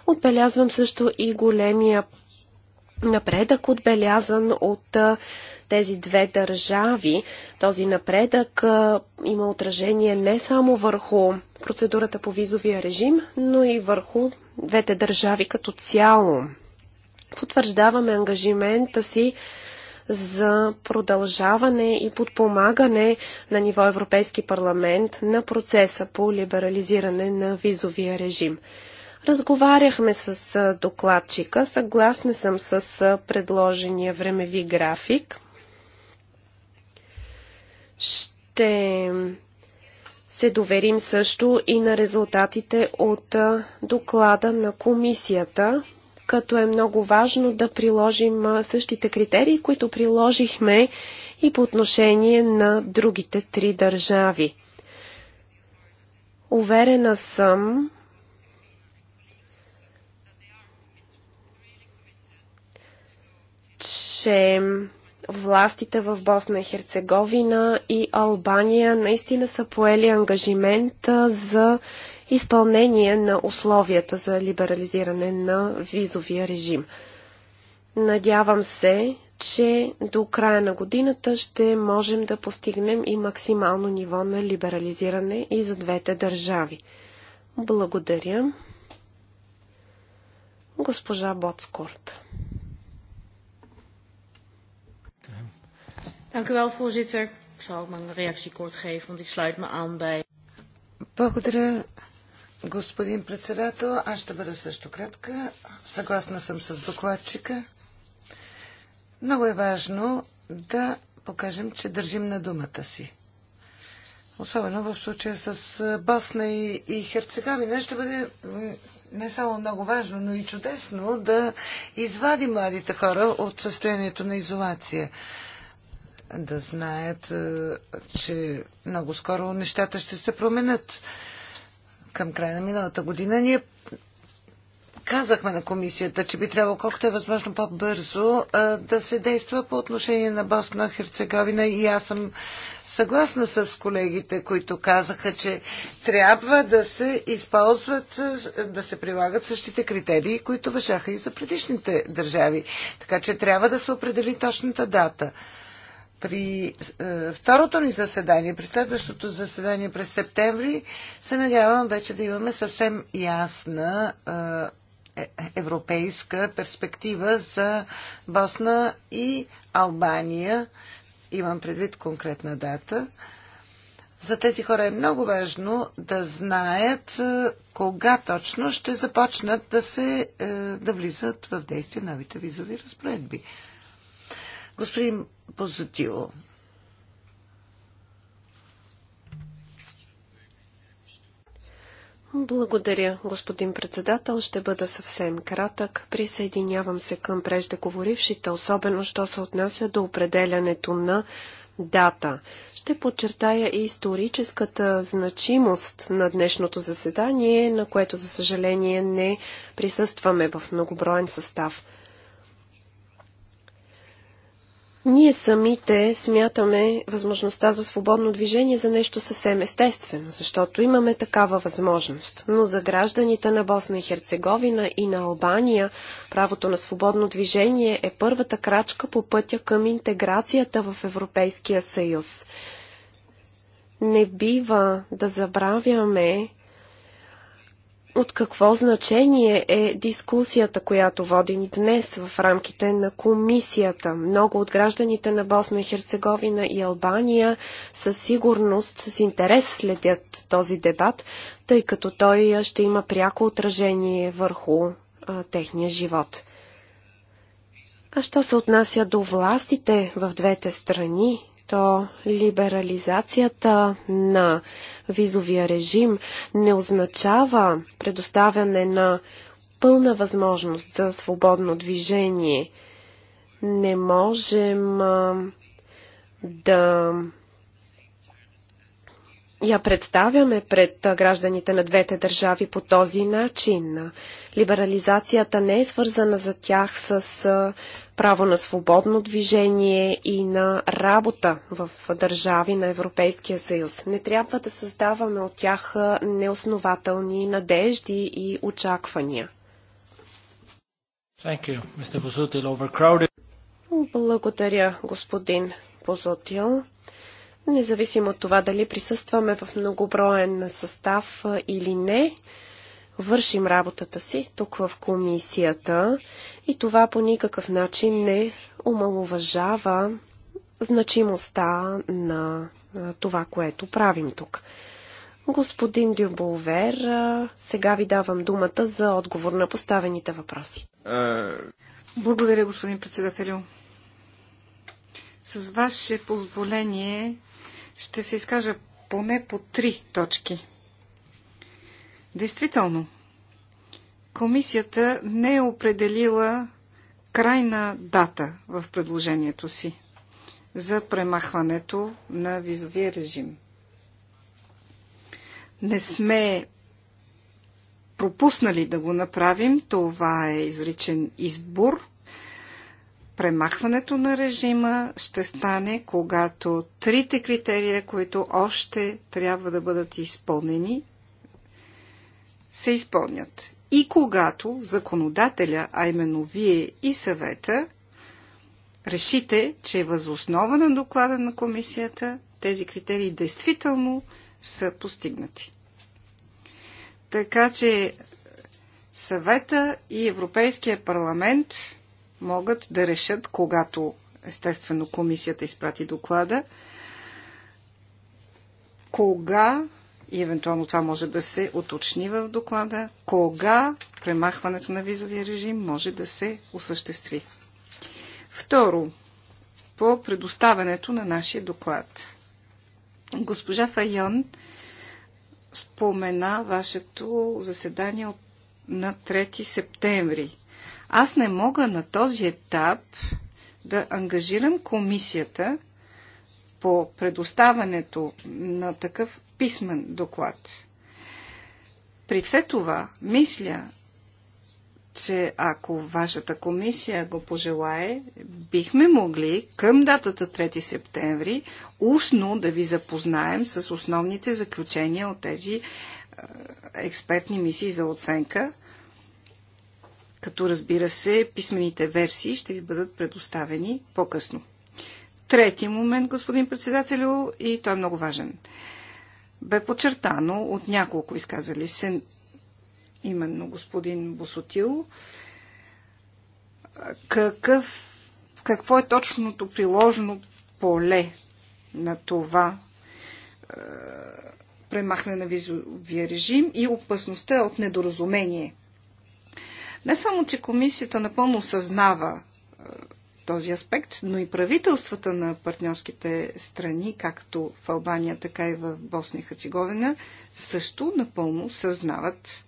Отбелязвам също и големия напредък отбелязан от тези две държави. Този напредък има отражение не само върху процедурата по визовия режим, но и върху двете държави като цяло. Потвърждаваме ангажимента си за продължаване и подпомагане на ниво Европейски парламент на процеса по либерализиране на визовия режим. Разговаряхме с докладчика. Съгласна съм с предложения времеви график. Ще се доверим също и на резултатите от доклада на комисията, като е много важно да приложим същите критерии, които приложихме и по отношение на другите три държави. Уверена съм, че властите в Босна и Херцеговина и Албания наистина са поели ангажимент за изпълнение на условията за либерализиране на визовия режим. Надявам се, че до края на годината ще можем да постигнем и максимално ниво на либерализиране и за двете държави. Благодаря. Госпожа Боцкорт. Dank u wel, voorzitter. Ik zal ook mijn reactie kort geven, want ik sluit me aan bij... Благодаря, господин председател. Аз ще бъда също кратка. Съгласна съм с докладчика. Много е важно да покажем, че държим на думата си. Особено в случая с Босна и, и Херцеговина. Ще бъде не само много важно, но и чудесно да извади младите хора от състоянието на изолация да знаят, е, че много скоро нещата ще се променят. Към края на миналата година ние казахме на комисията, че би трябвало колкото е възможно по-бързо е, да се действа по отношение на Босна Херцеговина и аз съм съгласна с колегите, които казаха, че трябва да се използват, е, да се прилагат същите критерии, които въжаха и за предишните държави. Така че трябва да се определи точната дата при е, второто ни заседание, при следващото заседание през септември, се надявам вече да имаме съвсем ясна е, е, европейска перспектива за Босна и Албания. Имам предвид конкретна дата. За тези хора е много важно да знаят е, кога точно ще започнат да, се, е, да влизат в действие новите визови разпоредби. Господин Позатило. Благодаря, господин председател. Ще бъда съвсем кратък. Присъединявам се към преждеговорившите, особено що се отнася до определянето на дата. Ще подчертая и историческата значимост на днешното заседание, на което, за съжаление, не присъстваме в многоброен състав. Ние самите смятаме възможността за свободно движение за нещо съвсем естествено, защото имаме такава възможност. Но за гражданите на Босна и Херцеговина и на Албания правото на свободно движение е първата крачка по пътя към интеграцията в Европейския съюз. Не бива да забравяме, от какво значение е дискусията, която водим днес в рамките на комисията. Много от гражданите на Босна и Херцеговина и Албания със сигурност, с интерес следят този дебат, тъй като той ще има пряко отражение върху а, техния живот. А що се отнася до властите в двете страни, то либерализацията на визовия режим не означава предоставяне на пълна възможност за свободно движение. Не можем да я представяме пред гражданите на двете държави по този начин. Либерализацията не е свързана за тях с право на свободно движение и на работа в държави на Европейския съюз. Не трябва да създаваме от тях неоснователни надежди и очаквания. Благодаря, господин Позотил. Независимо от това дали присъстваме в многоброен състав или не, вършим работата си тук в комисията и това по никакъв начин не омалуважава значимостта на това, което правим тук. Господин Дюбовер, сега ви давам думата за отговор на поставените въпроси. Е. Благодаря, господин председателю. С ваше позволение ще се изкажа поне по три точки. Действително, комисията не е определила крайна дата в предложението си за премахването на визовия режим. Не сме пропуснали да го направим. Това е изричен избор – Премахването на режима ще стане, когато трите критерия, които още трябва да бъдат изпълнени, се изпълнят. И когато законодателя, а именно вие и съвета, решите, че възоснова на доклада на комисията тези критерии действително са постигнати. Така че съвета и Европейския парламент – могат да решат, когато естествено комисията изпрати доклада, кога и евентуално това може да се уточни в доклада, кога премахването на визовия режим може да се осъществи. Второ, по предоставянето на нашия доклад. Госпожа Файон спомена вашето заседание на 3 септември аз не мога на този етап да ангажирам комисията по предоставянето на такъв писмен доклад. При все това, мисля, че ако вашата комисия го пожелае, бихме могли към датата 3 септември устно да ви запознаем с основните заключения от тези експертни мисии за оценка – като разбира се, писмените версии ще ви бъдат предоставени по-късно. Трети момент, господин председателю, и той е много важен. Бе подчертано от няколко изказали се, именно господин Босотил, какъв, какво е точното приложено поле на това е, премахне на визовия режим и опасността от недоразумение – не само, че комисията напълно осъзнава е, този аспект, но и правителствата на партньорските страни, както в Албания, така и в Босния и Хацеговина, също напълно съзнават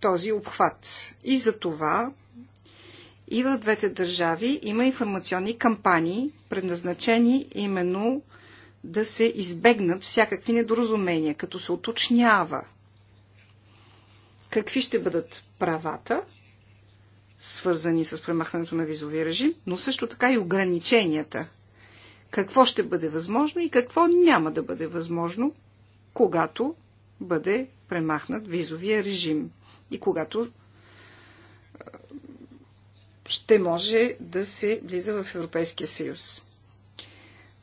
този обхват. И за това и в двете държави има информационни кампании, предназначени именно да се избегнат всякакви недоразумения, като се уточнява какви ще бъдат правата, свързани с премахването на визовия режим, но също така и ограниченията. Какво ще бъде възможно и какво няма да бъде възможно, когато бъде премахнат визовия режим и когато е, ще може да се влиза в Европейския съюз.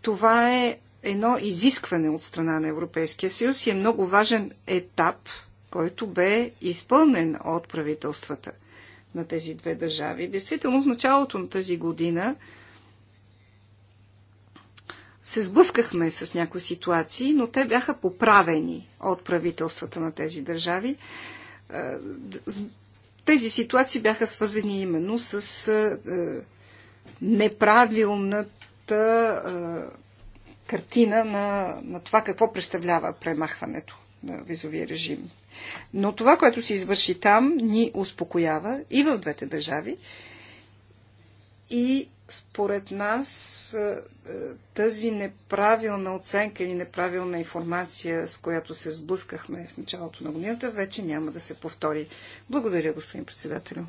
Това е едно изискване от страна на Европейския съюз и е много важен етап – който бе изпълнен от правителствата на тези две държави. Действително, в началото на тази година се сблъскахме с някои ситуации, но те бяха поправени от правителствата на тези държави. Е, тези ситуации бяха свързани именно с е, е, неправилната картина на, на това какво представлява премахването на визовия режим. Но това, което се извърши там, ни успокоява и в двете държави. И според нас тази неправилна оценка или неправилна информация, с която се сблъскахме в началото на годината, вече няма да се повтори. Благодаря, господин председател.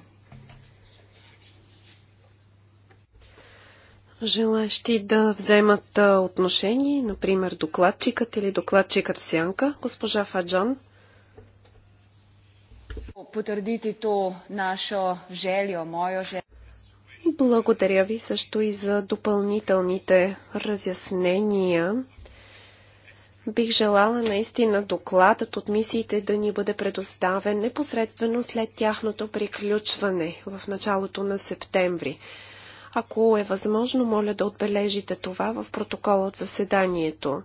Желащи да вземат отношение, например докладчикът или докладчикът в сянка, госпожа Фаджан потвърдите то нашо желио, мое желио. Благодаря ви също и за допълнителните разяснения. Бих желала наистина докладът от мисиите да ни бъде предоставен непосредствено след тяхното приключване в началото на септември. Ако е възможно, моля да отбележите това в протокол от заседанието.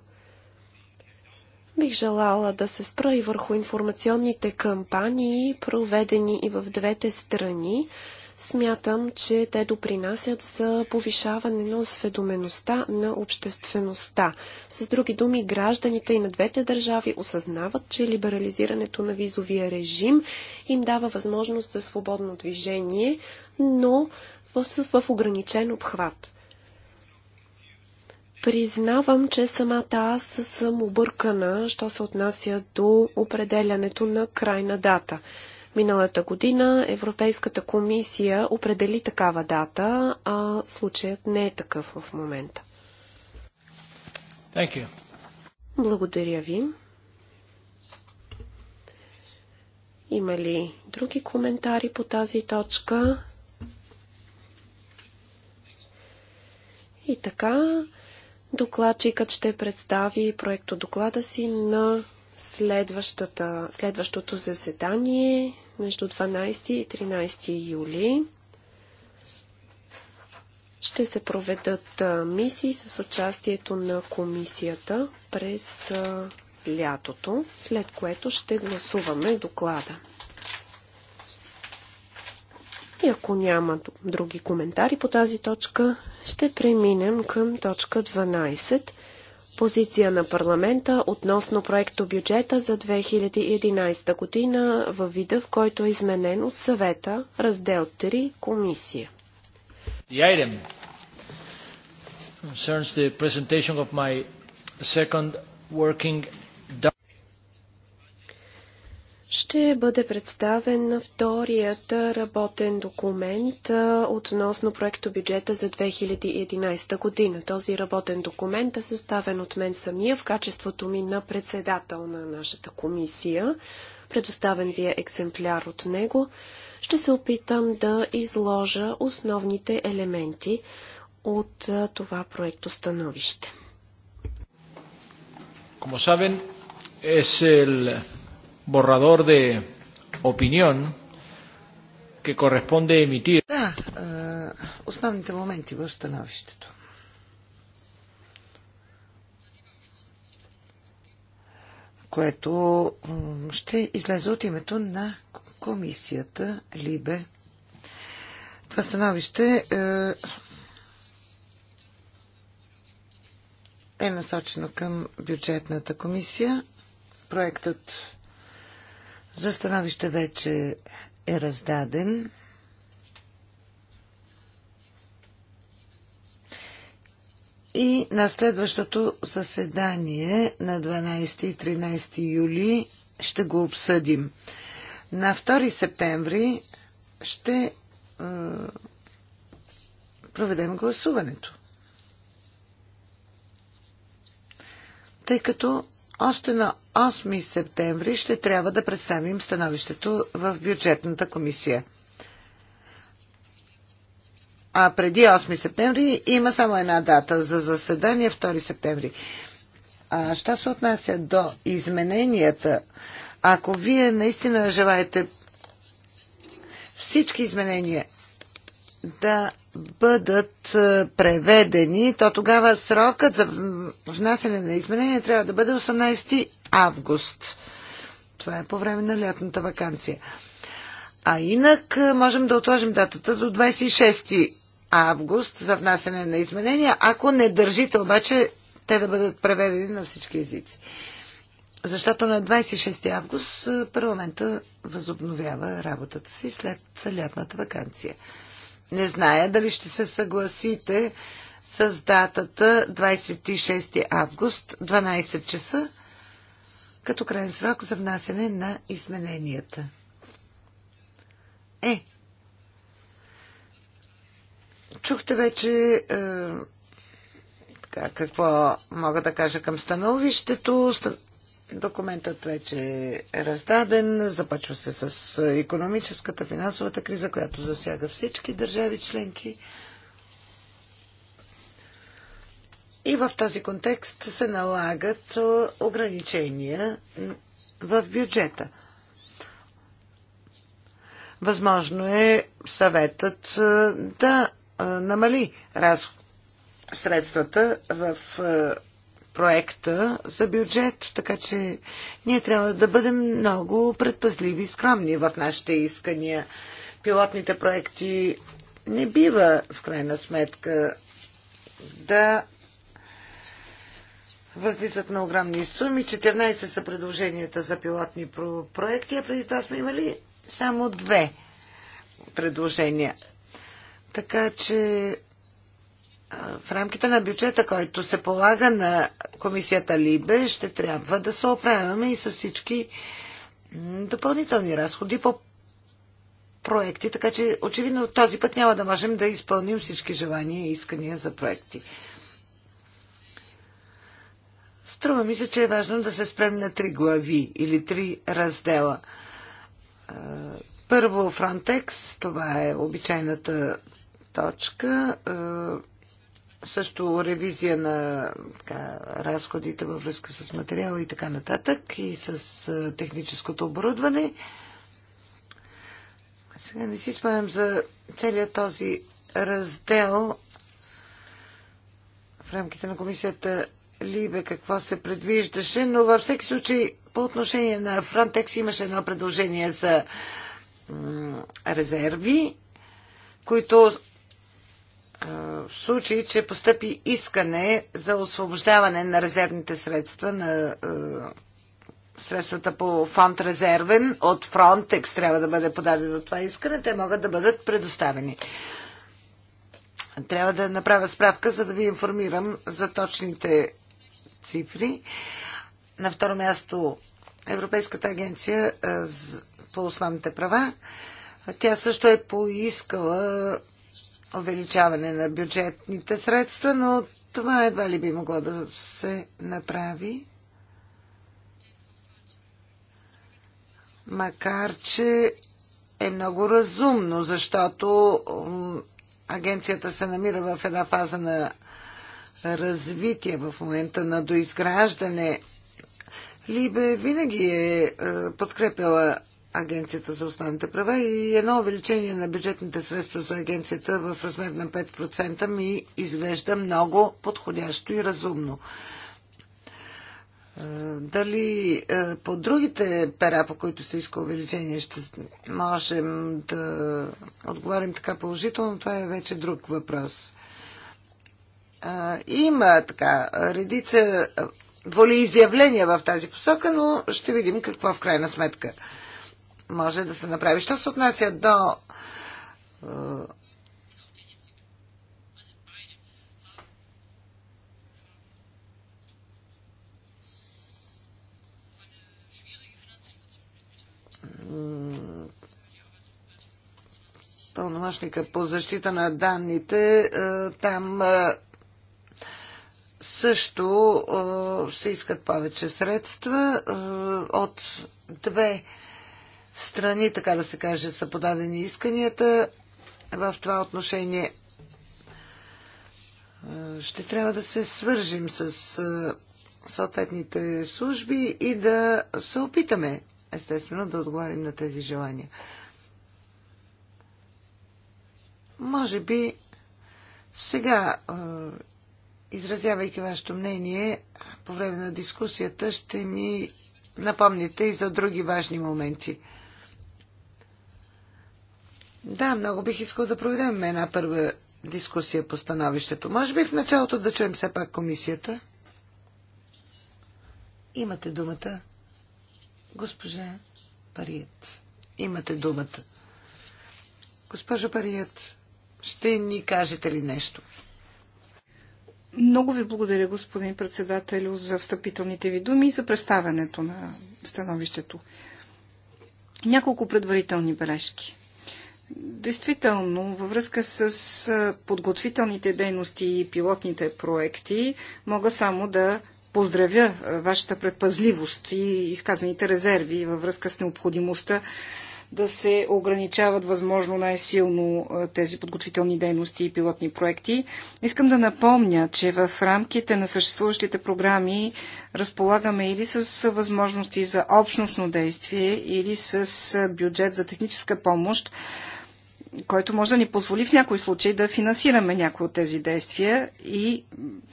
Бих желала да се спра и върху информационните кампании, проведени и в двете страни. Смятам, че те допринасят за повишаване на осведомеността на обществеността. С други думи, гражданите и на двете държави осъзнават, че либерализирането на визовия режим им дава възможност за свободно движение, но в, в ограничен обхват. Признавам, че самата аз съм объркана, що се отнася до определянето на крайна дата. Миналата година Европейската комисия определи такава дата, а случаят не е такъв в момента. Thank you. Благодаря ви. Има ли други коментари по тази точка? И така, Докладчикът ще представи проекто доклада си на следващото заседание между 12 и 13 юли. Ще се проведат мисии с участието на комисията през лятото, след което ще гласуваме доклада ако няма други коментари по тази точка, ще преминем към точка 12. Позиция на парламента относно проекто бюджета за 2011 година във вида, в който е изменен от съвета, раздел 3, комисия. The item the of my second working ще бъде представен на вторият работен документ относно проекто бюджета за 2011 година. Този работен документ е съставен от мен самия в качеството ми на председател на нашата комисия. Предоставен ви е екземпляр от него. Ще се опитам да изложа основните елементи от това проекто становище. Como saben, es el borrador de opinión que corresponde emitir. Да, основните моменти в становището. което ще излезе от името на комисията Либе. Това становище е, е насочено към бюджетната комисия. Проектът за становище вече е раздаден. И на следващото заседание на 12 и 13 юли ще го обсъдим. На 2 септември ще е, проведем гласуването. Тъй като още на 8 септември ще трябва да представим становището в бюджетната комисия. А преди 8 септември има само една дата за заседание 2 септември. А що се отнася до измененията, ако вие наистина желаете всички изменения да бъдат е, преведени, то тогава срокът за внасяне на изменения трябва да бъде 18 август. Това е по време на лятната вакансия. А инак е, можем да отложим датата до 26 август за внасяне на изменения, ако не държите обаче те да бъдат преведени на всички езици. Защото на 26 август е, парламента възобновява работата си след лятната вакансия. Не зная дали ще се съгласите с датата 26 август, 12 часа, като крайен срок за внасяне на измененията. Е, чухте вече е, така, какво мога да кажа към становището. Документът вече е раздаден. Започва се с економическата, финансовата криза, която засяга всички държави членки. И в този контекст се налагат ограничения в бюджета. Възможно е съветът да намали средствата в проекта за бюджет, така че ние трябва да бъдем много предпазливи и скромни в нашите искания. Пилотните проекти не бива, в крайна сметка, да възлизат на огромни суми. 14 са предложенията за пилотни проекти, а преди това сме имали само две предложения. Така че в рамките на бюджета, който се полага на комисията Либе, ще трябва да се оправяме и с всички допълнителни разходи по проекти, така че очевидно този път няма да можем да изпълним всички желания и искания за проекти. Струва ми се, че е важно да се спрем на три глави или три раздела. Първо Frontex, това е обичайната точка също ревизия на така, разходите във връзка с материала и така нататък и с техническото оборудване. Сега не си спомням за целият този раздел в рамките на комисията Либе какво се предвиждаше, но във всеки случай по отношение на Фронтекс имаше едно предложение за резерви, които в случай, че постъпи искане за освобождаване на резервните средства на средствата по фонд резервен от Фронтекс трябва да бъде подадено това искане, те могат да бъдат предоставени. Трябва да направя справка, за да ви информирам за точните цифри. На второ място Европейската агенция по основните права. Тя също е поискала увеличаване на бюджетните средства, но това едва ли би могло да се направи. Макар, че е много разумно, защото агенцията се намира в една фаза на развитие в момента на доизграждане. Либе винаги е, е подкрепила Агенцията за основните права и едно увеличение на бюджетните средства за агенцията в размер на 5% ми изглежда много подходящо и разумно. Е, дали е, по другите пера, по които се иска увеличение, ще можем да отговарим така положително, това е вече друг въпрос. Е, има така редица волеизявления в тази посока, но ще видим какво в крайна сметка може да се направи. Що се отнася до е, пълномощника по защита на данните, е, там е, също се искат повече средства от две страни, така да се каже, са подадени исканията в това отношение. Е, ще трябва да се свържим с е, съответните служби и да се опитаме, естествено, да отговорим на тези желания. Може би сега, е, изразявайки вашето мнение, по време на дискусията ще ми напомните и за други важни моменти – да, много бих искал да проведем една първа дискусия по становището. Може би в началото да чуем все пак комисията. Имате думата. Госпожа Парият. Имате думата. Госпожо Парият, ще ни кажете ли нещо? Много ви благодаря, господин председателю, за встъпителните ви думи и за представянето на становището. Няколко предварителни бележки. Действително, във връзка с подготвителните дейности и пилотните проекти, мога само да поздравя вашата предпазливост и изказаните резерви във връзка с необходимостта да се ограничават възможно най-силно тези подготвителни дейности и пилотни проекти. Искам да напомня, че в рамките на съществуващите програми разполагаме или с възможности за общностно действие, или с бюджет за техническа помощ, който може да ни позволи в някои случаи да финансираме някои от тези действия и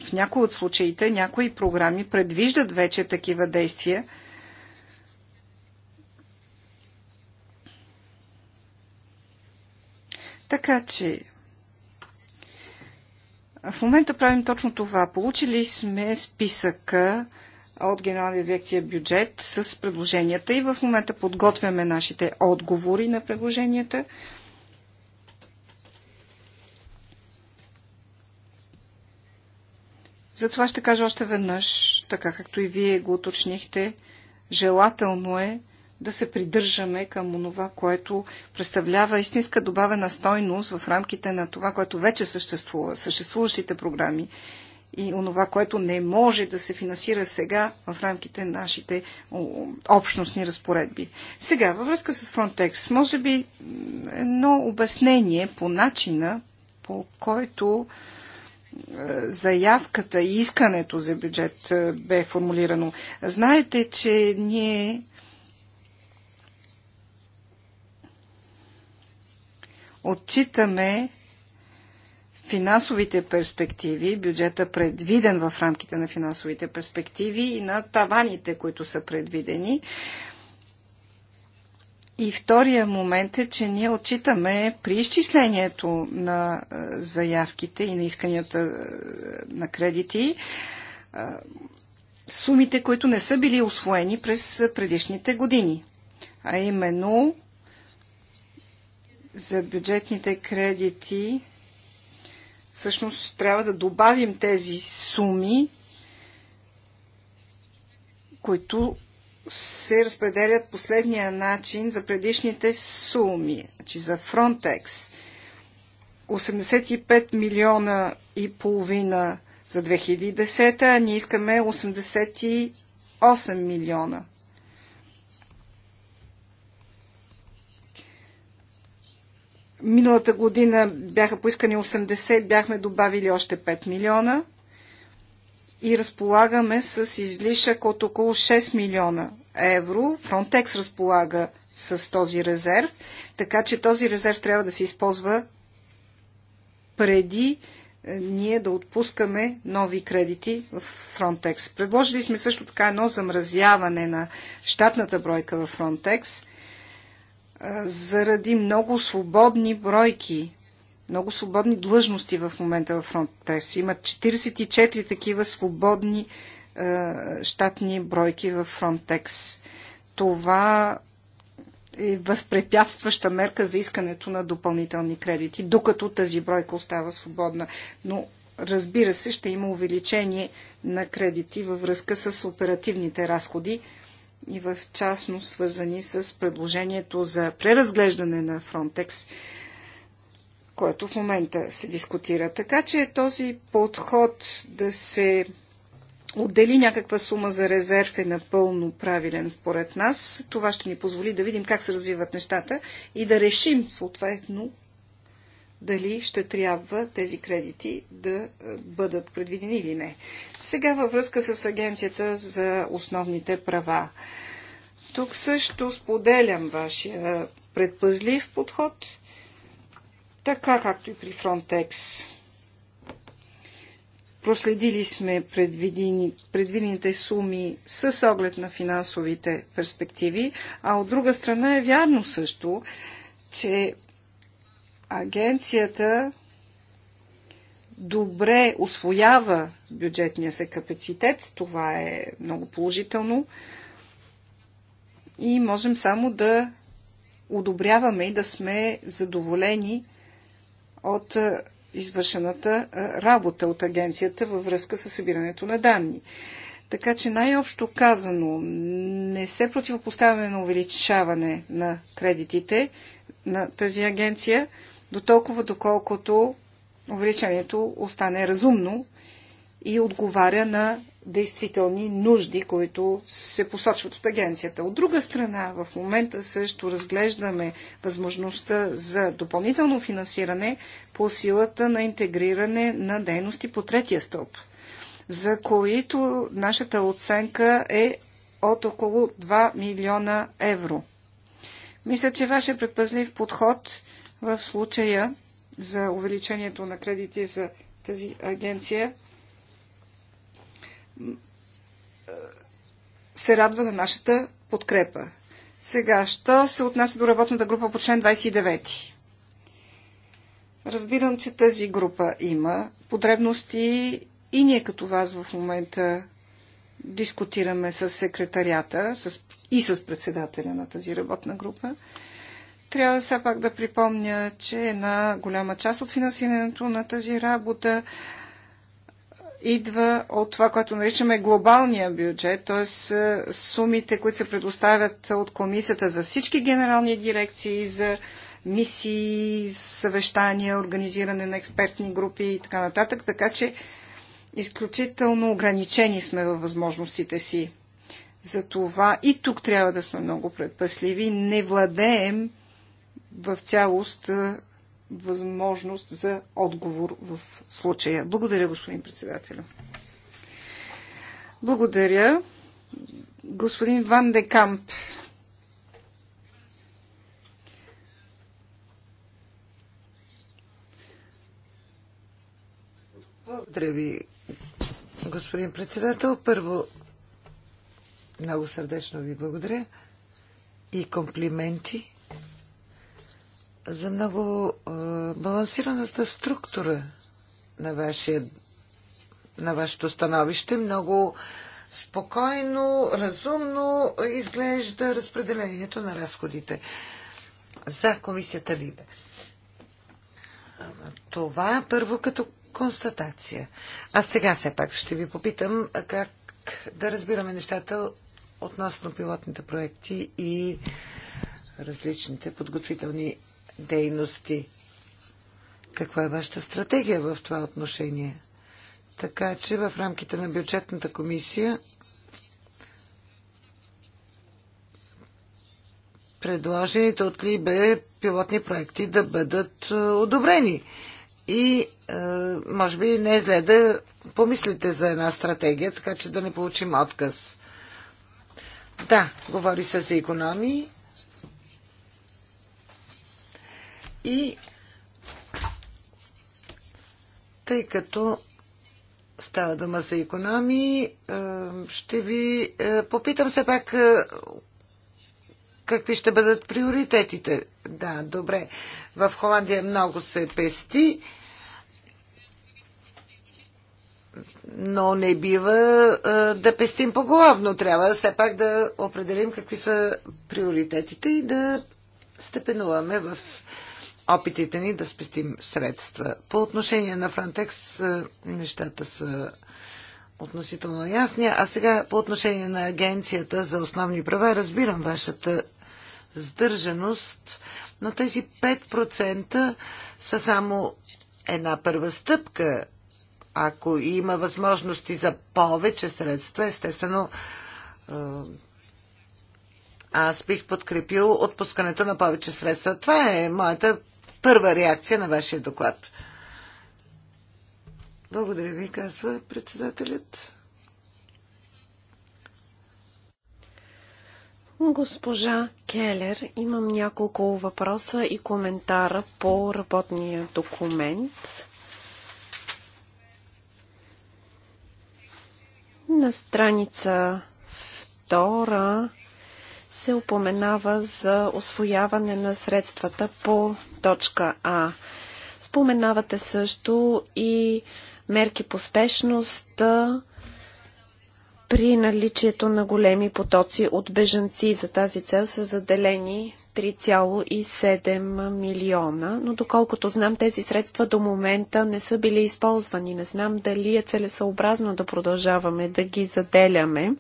в някои от случаите някои програми предвиждат вече такива действия. Така че в момента правим точно това. Получили сме списъка от Генерална дирекция бюджет с предложенията и в момента подготвяме нашите отговори на предложенията. Затова ще кажа още веднъж, така както и вие го уточнихте, желателно е да се придържаме към онова, което представлява истинска добавена стойност в рамките на това, което вече съществува, съществуващите програми и онова, което не може да се финансира сега в рамките на нашите общностни разпоредби. Сега, във връзка с Frontex, може би едно обяснение по начина, по който заявката и искането за бюджет е, бе формулирано. Знаете, че ние отчитаме финансовите перспективи, бюджета предвиден в рамките на финансовите перспективи и на таваните, които са предвидени. И втория момент е, че ние отчитаме при изчислението на заявките и на исканията на кредити сумите, които не са били освоени през предишните години. А именно за бюджетните кредити всъщност трябва да добавим тези суми, които се разпределят последния начин за предишните суми. Значи за Frontex 85 милиона и половина за 2010, а ние искаме 88 милиона. Миналата година бяха поискани 80, бяхме добавили още 5 милиона и разполагаме с излишък от около 6 милиона евро. Фронтекс разполага с този резерв, така че този резерв трябва да се използва преди е, ние да отпускаме нови кредити в Frontex. Предложили сме също така едно замразяване на щатната бройка в Frontex е, заради много свободни бройки много свободни длъжности в момента в Frontex. Има 44 такива свободни е, щатни бройки в Frontex. Това е възпрепятстваща мерка за искането на допълнителни кредити, докато тази бройка остава свободна. Но разбира се, ще има увеличение на кредити във връзка с оперативните разходи и в частност свързани с предложението за преразглеждане на Frontex който в момента се дискутира. Така че този подход да се отдели някаква сума за резерв е напълно правилен според нас. Това ще ни позволи да видим как се развиват нещата и да решим съответно дали ще трябва тези кредити да е, бъдат предвидени или не. Сега във връзка с Агенцията за основните права. Тук също споделям вашия предпазлив подход – така както и при Frontex. Проследили сме предвидени, предвидените суми с оглед на финансовите перспективи, а от друга страна е вярно също, че агенцията добре освоява бюджетния се капацитет. Това е много положително. И можем само да одобряваме и да сме задоволени от е, извършената е, работа от агенцията във връзка с събирането на данни. Така че най-общо казано, не се противопоставяме на увеличаване на кредитите на тази агенция, до толкова доколкото увеличението остане разумно и отговаря на действителни нужди, които се посочват от агенцията. От друга страна, в момента също разглеждаме възможността за допълнително финансиране по силата на интегриране на дейности по третия стълб, за които нашата оценка е от около 2 милиона евро. Мисля, че ваше предпазлив подход в случая за увеличението на кредити за тази агенция се радва на нашата подкрепа. Сега, що се отнася до работната група по член 29? Разбирам, че тази група има потребности и ние като вас в момента дискутираме с секретарията с, и с председателя на тази работна група. Трябва все пак да припомня, че една голяма част от финансирането на тази работа идва от това, което наричаме глобалния бюджет, т.е. Е, сумите, които се предоставят от комисията за всички генерални дирекции, за мисии, съвещания, организиране на експертни групи и така нататък, така че изключително ограничени сме във възможностите си. за това. и тук трябва да сме много предпасливи. Не владеем в цялост е, възможност за отговор в случая. Благодаря, господин председател. Благодаря. Господин Ван де Камп. Благодаря ви, господин председател. Първо, много сърдечно ви благодаря и комплименти за много балансираната структура на, вашия, на вашето становище. Много спокойно, разумно изглежда разпределението на разходите за комисията Либе. Това първо като констатация. А сега все пак ще ви попитам как да разбираме нещата относно пилотните проекти и различните подготвителни дейности. Каква е вашата стратегия в това отношение? Така че в рамките на бюджетната комисия предложените от Либе пилотни проекти да бъдат е, одобрени. И е, може би не е зле да помислите за една стратегия, така че да не получим отказ. Да, говори се за економии, И тъй като става дума за економии, е, ще ви е, попитам се пак е, какви ще бъдат приоритетите. Да, добре. В Холандия много се пести, но не бива да пестим поголовно. Трябва все пак да определим какви са приоритетите и да степенуваме в опитите ни да спестим средства. По отношение на Франтекс е, нещата са относително ясни. А сега по отношение на Агенцията за основни права разбирам вашата сдържаност, но тези 5% са само една първа стъпка. Ако има възможности за повече средства, естествено е, аз бих подкрепил отпускането на повече средства. Това е моята първа реакция на вашия доклад. Благодаря ви, казва председателят. Госпожа Келер, имам няколко въпроса и коментара по работния документ. На страница 2 се упоменава за освояване на средствата по точка А. Споменавате също и мерки по спешност при наличието на големи потоци от бежанци. За тази цел са заделени 3,7 милиона, но доколкото знам, тези средства до момента не са били използвани. Не знам дали е целесообразно да продължаваме да ги заделяме.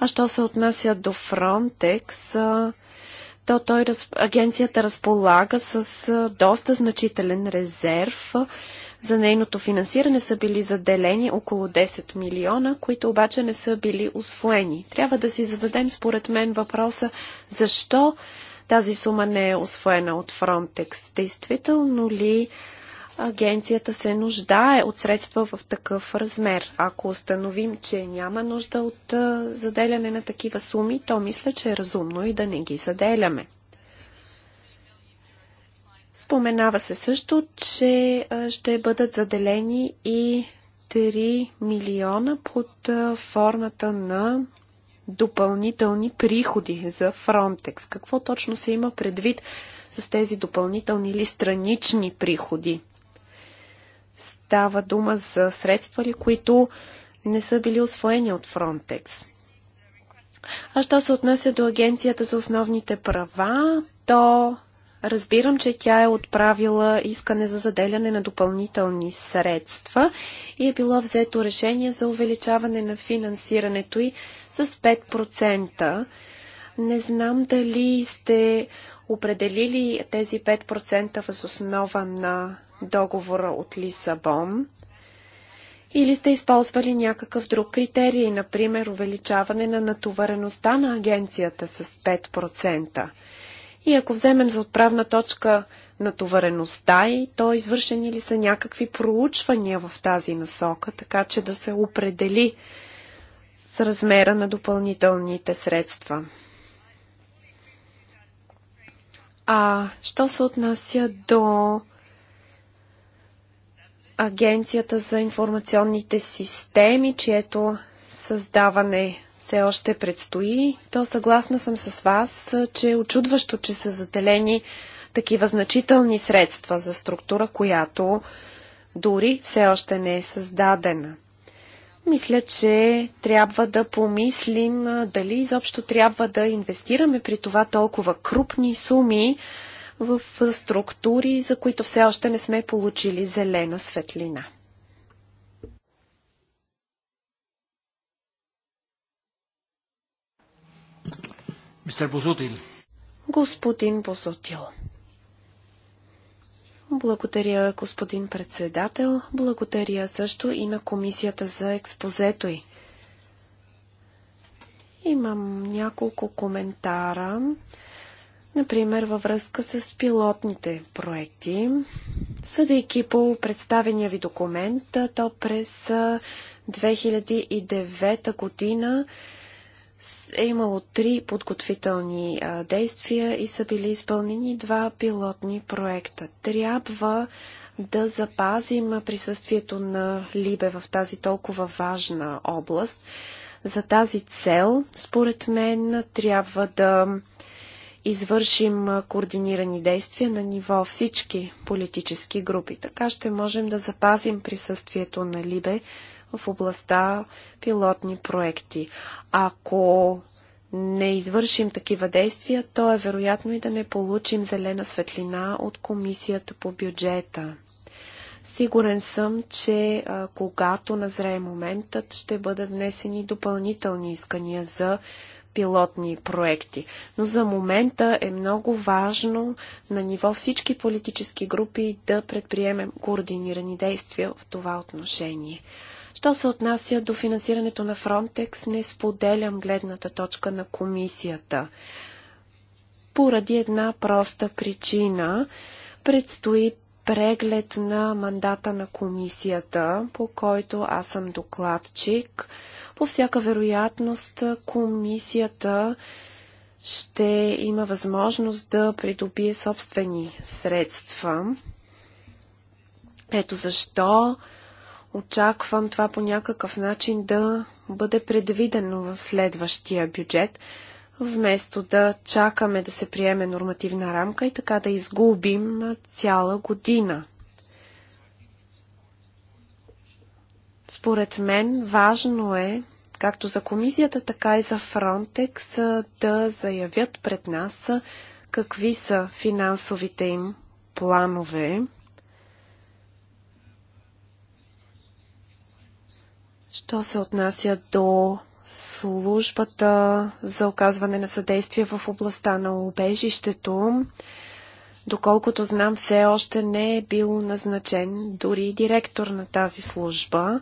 А що се отнася до Frontex, то той, агенцията разполага с доста значителен резерв. За нейното финансиране са били заделени около 10 милиона, които обаче не са били освоени. Трябва да си зададем според мен въпроса защо тази сума не е освоена от Frontex. Действително ли агенцията се нуждае от средства в такъв размер. Ако установим, че няма нужда от заделяне на такива суми, то мисля, че е разумно и да не ги заделяме. Споменава се също, че ще бъдат заделени и 3 милиона под формата на допълнителни приходи за Фронтекс. Какво точно се има предвид с тези допълнителни или странични приходи? Става дума за средства ли, които не са били освоени от Фронтекс. А що се отнася до Агенцията за основните права, то разбирам, че тя е отправила искане за заделяне на допълнителни средства и е било взето решение за увеличаване на финансирането и с 5%. Не знам дали сте определили тези 5% въз основа на договора от Лисабон? Или сте използвали някакъв друг критерий, например увеличаване на натовареността на агенцията с 5%? И ако вземем за отправна точка натовареността и то извършени ли са някакви проучвания в тази насока, така че да се определи с размера на допълнителните средства. А що се отнася до Агенцията за информационните системи, чието създаване все още предстои, то съгласна съм с вас, че е очудващо, че са заделени такива значителни средства за структура, която дори все още не е създадена. Мисля, че трябва да помислим дали изобщо трябва да инвестираме при това толкова крупни суми в структури, за които все още не сме получили зелена светлина. Мистер Бозутил. Господин Бозутил. Благодаря, господин председател. Благодаря също и на комисията за експозето й. Имам няколко коментара. Например, във връзка с пилотните проекти. Съдейки по представения ви документ, то през 2009 година е имало три подготвителни действия и са били изпълнени два пилотни проекта. Трябва да запазим присъствието на Либе в тази толкова важна област. За тази цел, според мен, трябва да извършим координирани действия на ниво всички политически групи. Така ще можем да запазим присъствието на Либе в областта пилотни проекти. Ако не извършим такива действия, то е вероятно и да не получим зелена светлина от Комисията по бюджета. Сигурен съм, че а, когато назрее моментът, ще бъдат внесени допълнителни искания за пилотни проекти. Но за момента е много важно на ниво всички политически групи да предприемем координирани действия в това отношение. Що се отнася до финансирането на Фронтекс, не споделям гледната точка на комисията. Поради една проста причина предстои преглед на мандата на комисията, по който аз съм докладчик. По всяка вероятност комисията ще има възможност да придобие собствени средства. Ето защо очаквам това по някакъв начин да бъде предвидено в следващия бюджет, вместо да чакаме да се приеме нормативна рамка и така да изгубим цяла година. Според мен важно е, както за комисията, така и за Фронтекс, да заявят пред нас какви са финансовите им планове. Що се отнася до службата за оказване на съдействие в областта на убежището, Доколкото знам, все още не е бил назначен дори директор на тази служба.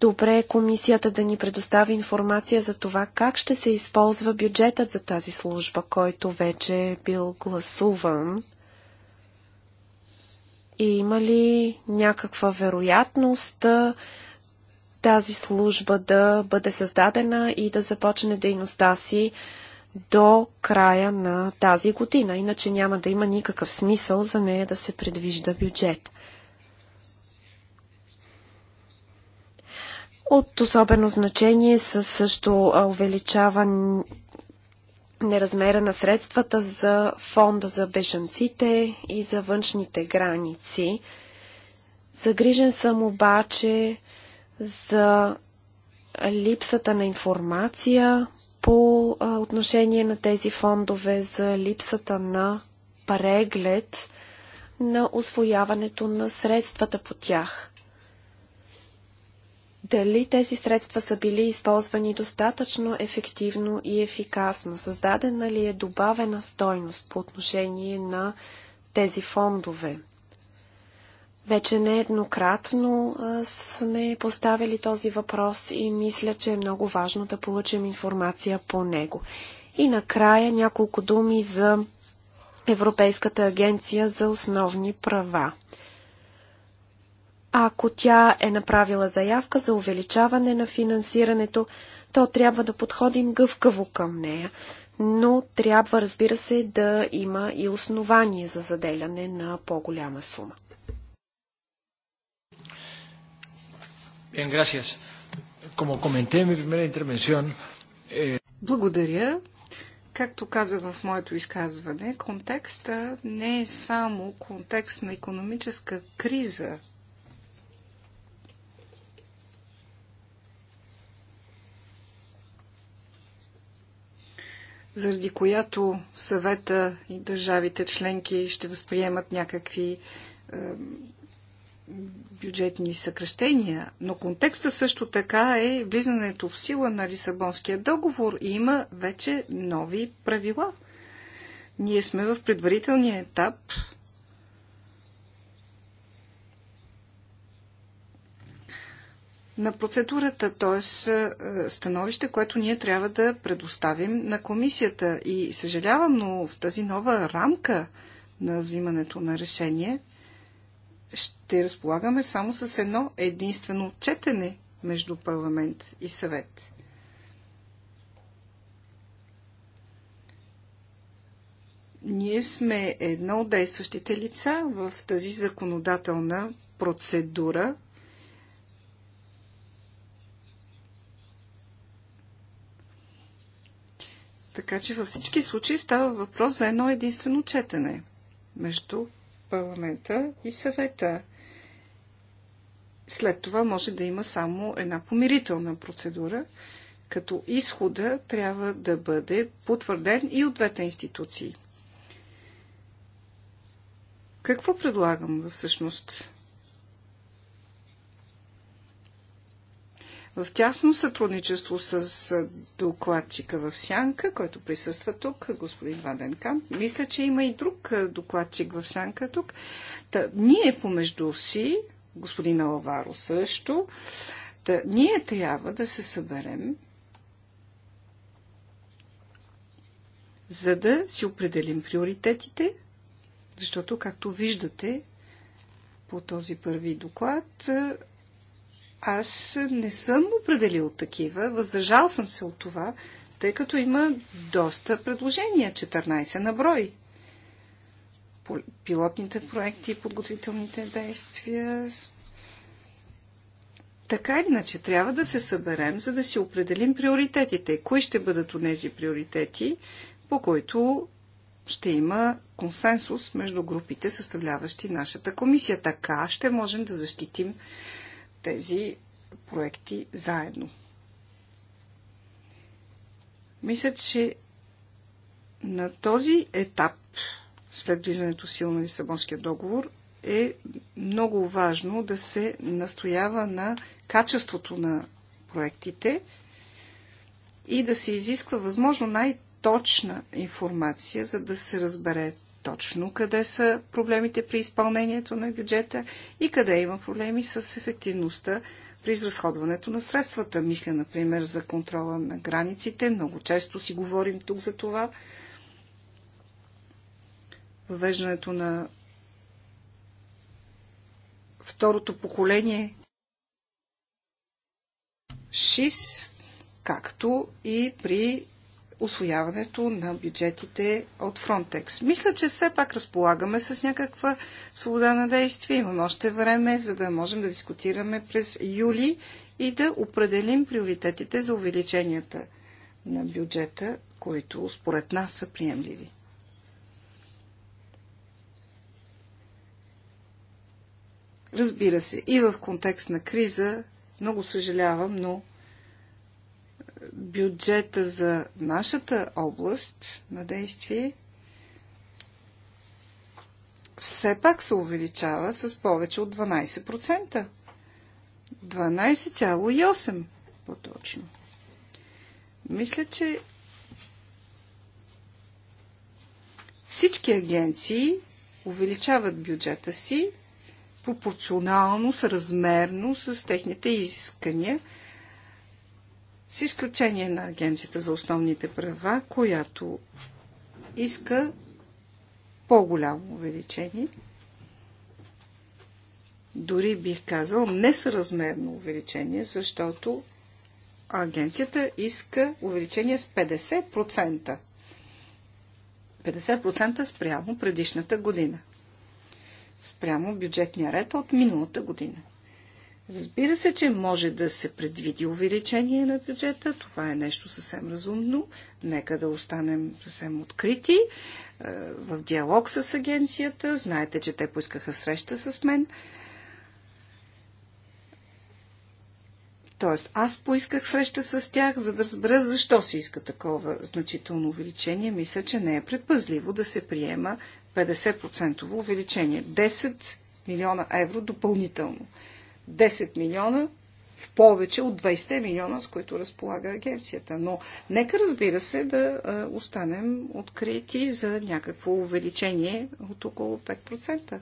Добре е комисията да ни предостави информация за това как ще се използва бюджетът за тази служба, който вече е бил гласуван. И има ли някаква вероятност тази служба да бъде създадена и да започне дейността си до края на тази година. Иначе няма да има никакъв смисъл за нея да се предвижда бюджет. От особено значение са също увеличава неразмера на средствата за фонда за бежанците и за външните граници. Загрижен съм обаче за липсата на информация по отношение на тези фондове за липсата на преглед на освояването на средствата по тях. Дали тези средства са били използвани достатъчно ефективно и ефикасно? Създадена ли е добавена стойност по отношение на тези фондове? Вече нееднократно сме поставили този въпрос и мисля, че е много важно да получим информация по него. И накрая няколко думи за Европейската агенция за основни права. Ако тя е направила заявка за увеличаване на финансирането, то трябва да подходим гъвкаво към нея, но трябва, разбира се, да има и основание за заделяне на по-голяма сума. Bien, gracias. Como comenté en mi primera intervención, eh... Благодаря. Както казах в моето изказване, контекста не е само контекст на економическа криза. заради която съвета и държавите членки ще възприемат някакви бюджетни съкръщения, но контекста също така е влизането в сила на Лисабонския договор и има вече нови правила. Ние сме в предварителния етап на процедурата, т.е. становище, което ние трябва да предоставим на комисията. И съжалявам, но в тази нова рамка на взимането на решение – ще разполагаме само с едно единствено четене между парламент и съвет. Ние сме едно от действащите лица в тази законодателна процедура. Така че във всички случаи става въпрос за едно единствено четене между парламента и съвета. След това може да има само една помирителна процедура, като изхода трябва да бъде потвърден и от двете институции. Какво предлагам всъщност? в тясно сътрудничество с докладчика в Сянка, който присъства тук, господин Ваден Камп. Мисля, че има и друг докладчик в Сянка тук. Та, ние помежду си, господин Алаваро също, та, ние трябва да се съберем за да си определим приоритетите, защото, както виждате, по този първи доклад аз не съм определил такива, въздържал съм се от това, тъй като има доста предложения, 14 на брой. Пилотните проекти, подготвителните действия. Така иначе трябва да се съберем, за да си определим приоритетите. Кои ще бъдат онези приоритети, по които ще има консенсус между групите, съставляващи нашата комисия. Така ще можем да защитим тези проекти заедно. Мисля, че на този етап, след влизането сил на Лисабонския договор, е много важно да се настоява на качеството на проектите и да се изисква възможно най-точна информация, за да се разбере точно къде са проблемите при изпълнението на бюджета и къде има проблеми с ефективността при изразходването на средствата. Мисля, например, за контрола на границите. Много често си говорим тук за това. Въвеждането на второто поколение ШИС, както и при освояването на бюджетите от Фронтекс. Мисля, че все пак разполагаме с някаква свобода на действие. Имаме още време, за да можем да дискутираме през юли и да определим приоритетите за увеличенията на бюджета, които според нас са приемливи. Разбира се, и в контекст на криза, много съжалявам, но бюджета за нашата област на действие все пак се увеличава с повече от 12%. 12,8% по-точно. Мисля, че всички агенции увеличават бюджета си пропорционално, съразмерно с техните изискания – с изключение на Агенцията за основните права, която иска по-голямо увеличение. Дори бих казал несъразмерно увеличение, защото агенцията иска увеличение с 50%. 50% спрямо предишната година. Спрямо бюджетния ред от миналата година. Разбира се, че може да се предвиди увеличение на бюджета. Това е нещо съвсем разумно. Нека да останем съвсем открити е, в диалог с агенцията. Знаете, че те поискаха среща с мен. Тоест, аз поисках среща с тях, за да разбера защо се иска такова значително увеличение. Мисля, че не е предпазливо да се приема 50% увеличение. 10 милиона евро допълнително. 10 милиона в повече от 20 милиона, с които разполага агенцията. Но нека разбира се да останем открити за някакво увеличение от около 5%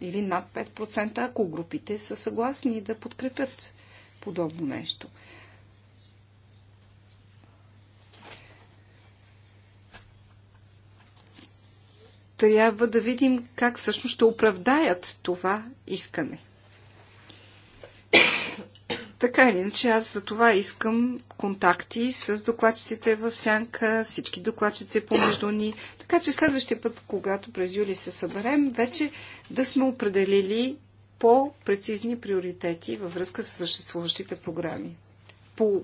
или над 5%, ако групите са съгласни да подкрепят подобно нещо. Трябва да видим как всъщност ще оправдаят това искане. Така или иначе, аз за това искам контакти с докладчиците в сянка, всички докладчици помежду ни. Така че следващия път, когато през юли се съберем, вече да сме определили по-прецизни приоритети във връзка с съществуващите програми. По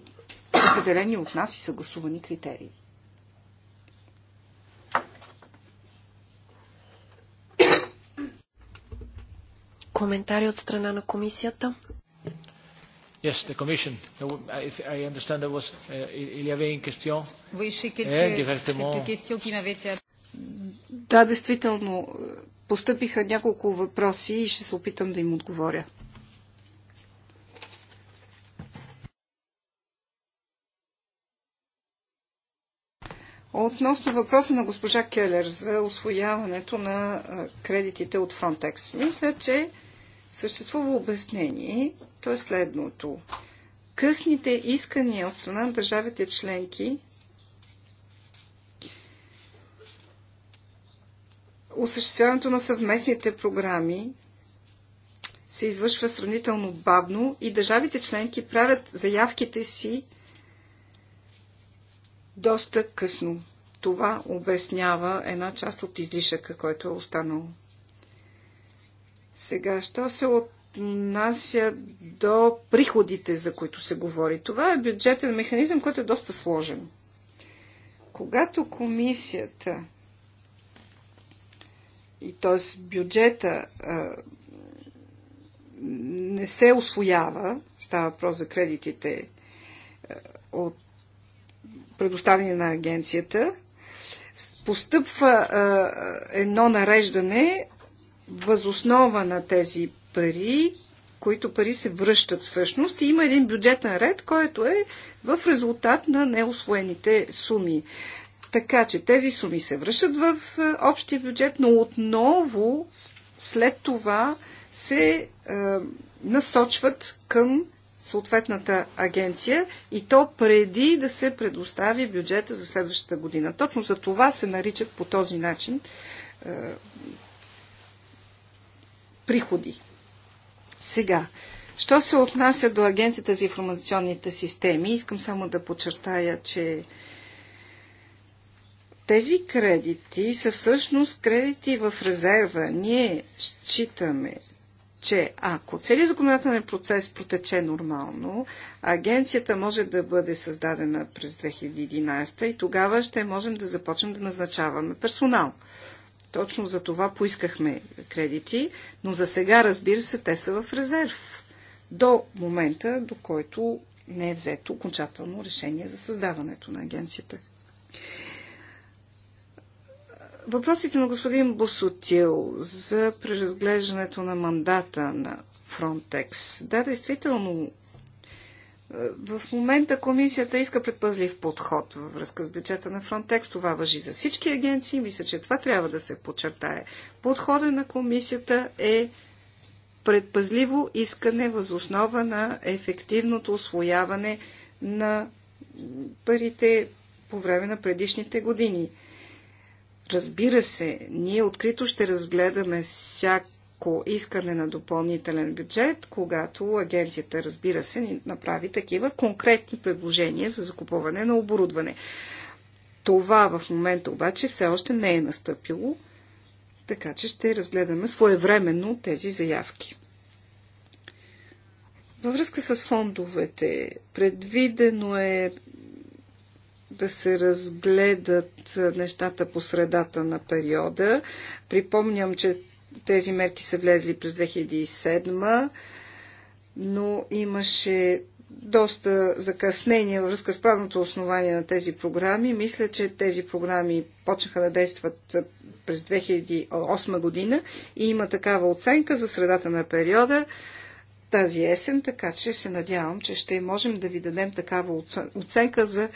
определени от нас и съгласувани критерии. Коментари от страна на комисията? Yes, the Commission. I, I understand there was, uh, il y avait une question. Oui, j'ai quelques, eh, quelques questions qui m'avaient été... Да, действително, постъпиха няколко въпроси и ще се опитам да им отговоря. Относно въпроса на госпожа Келер за освояването на кредитите от Frontex, мисля, че съществува обяснение то е следното. Късните искания от страна на държавите членки осъществяването на съвместните програми се извършва сравнително бавно и държавите членки правят заявките си доста късно. Това обяснява една част от излишъка, който е останал. Сега, що се от отнася до приходите, за които се говори. Това е бюджетен механизъм, който е доста сложен. Когато комисията и т.е. бюджета не се освоява, става въпрос за кредитите от предоставяне на агенцията, постъпва едно нареждане възоснова на тези пари, които пари се връщат всъщност и има един бюджетен ред, който е в резултат на неосвоените суми. Така че тези суми се връщат в е, общия бюджет, но отново след това се е, насочват към съответната агенция и то преди да се предостави бюджета за следващата година. Точно за това се наричат по този начин е, приходи. Сега, що се отнася до Агенцията за информационните системи, искам само да подчертая, че тези кредити са всъщност кредити в резерва. Ние считаме, че ако целият законодателен процес протече нормално, агенцията може да бъде създадена през 2011 и тогава ще можем да започнем да назначаваме персонал – точно за това поискахме кредити, но за сега, разбира се, те са в резерв. До момента, до който не е взето окончателно решение за създаването на агенцията. Въпросите на господин Босотил за преразглеждането на мандата на Frontex. Да, действително е, в момента комисията иска предпазлив подход във връзка с бюджета на Фронтекс. Това въжи за всички агенции. Мисля, че това трябва да се подчертае. Подхода на комисията е предпазливо искане възоснова на ефективното освояване на парите по време на предишните години. Разбира се, ние открито ще разгледаме всяк всяко искане на допълнителен бюджет, когато агенцията, разбира се, ни направи такива конкретни предложения за закупуване на оборудване. Това в момента обаче все още не е настъпило, така че ще разгледаме своевременно тези заявки. Във връзка с фондовете, предвидено е да се разгледат нещата по средата на периода. Припомням, че тези мерки са влезли през 2007, но имаше доста закъснение във връзка с правното основание на тези програми. Мисля, че тези програми почнаха да действат през 2008 година и има такава оценка за средата на периода тази есен, така че се надявам, че ще можем да ви дадем такава оценка за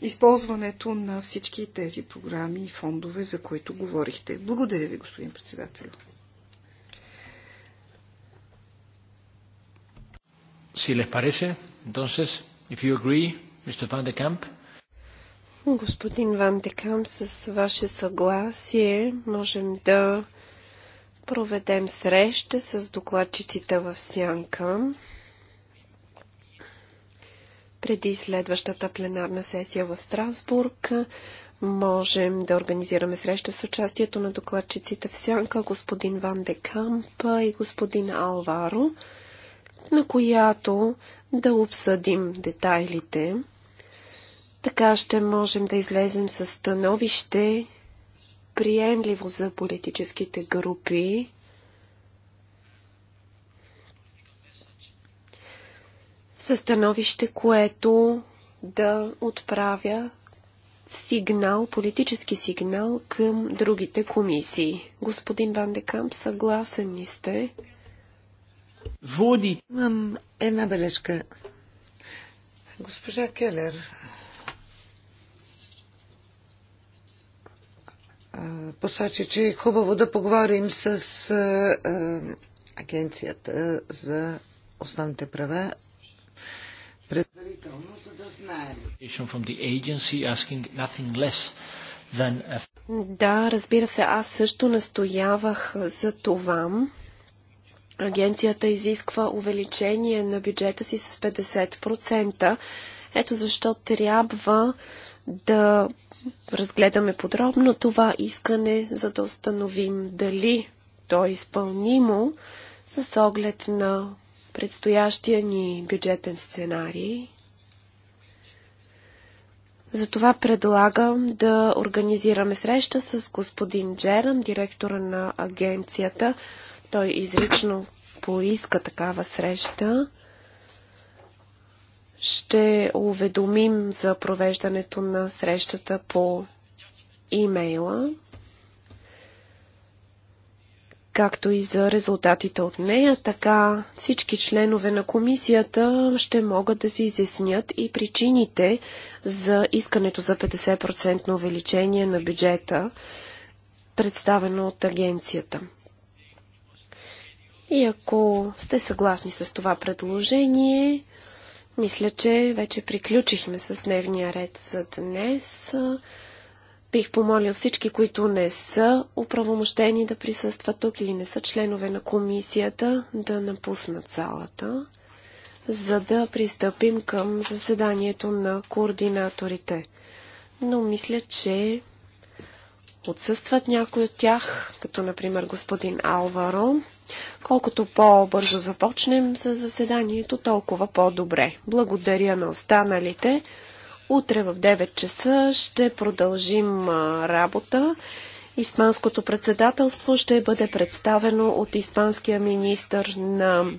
използването на всички тези програми и фондове, за които говорихте. Благодаря ви, господин председател. Si les parece, entonces, if you agree, Mr. Van de Kamp. Господин Ван де Камп, с ваше съгласие можем да проведем среща с докладчиците в Сянка преди следващата пленарна сесия в Страсбург. Можем да организираме среща с участието на докладчиците в Сянка, господин Ван де Камп и господин Алваро, на която да обсъдим детайлите. Така ще можем да излезем с становище, приемливо за политическите групи, със становище, което да отправя сигнал, политически сигнал към другите комисии. Господин Ван Декамп, съгласен ли сте? Води. Имам една бележка. Госпожа Келер, посочи, че е хубаво да поговорим с Агенцията за основните права предварително, за да знаем. Да, разбира се, аз също настоявах за това. Агенцията изисква увеличение на бюджета си с 50%. Ето защо трябва да разгледаме подробно това искане, за да установим дали то е изпълнимо с оглед на предстоящия ни бюджетен сценарий. Затова предлагам да организираме среща с господин Джерам, директора на агенцията. Той изрично поиска такава среща. Ще уведомим за провеждането на срещата по имейла. E както и за резултатите от нея, така всички членове на комисията ще могат да се изяснят и причините за искането за 50% увеличение на бюджета, представено от агенцията. И ако сте съгласни с това предложение, мисля, че вече приключихме с дневния ред за днес. Бих помолил всички, които не са оправомощени да присъстват тук или не са членове на комисията, да напуснат залата, за да пристъпим към заседанието на координаторите. Но мисля, че отсъстват някои от тях, като например господин Алваро. Колкото по-бързо започнем с заседанието, толкова по-добре. Благодаря на останалите. Утре в 9 часа ще продължим работа. Испанското председателство ще бъде представено от испанския министр на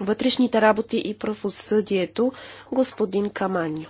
вътрешните работи и правосъдието господин Каманьо.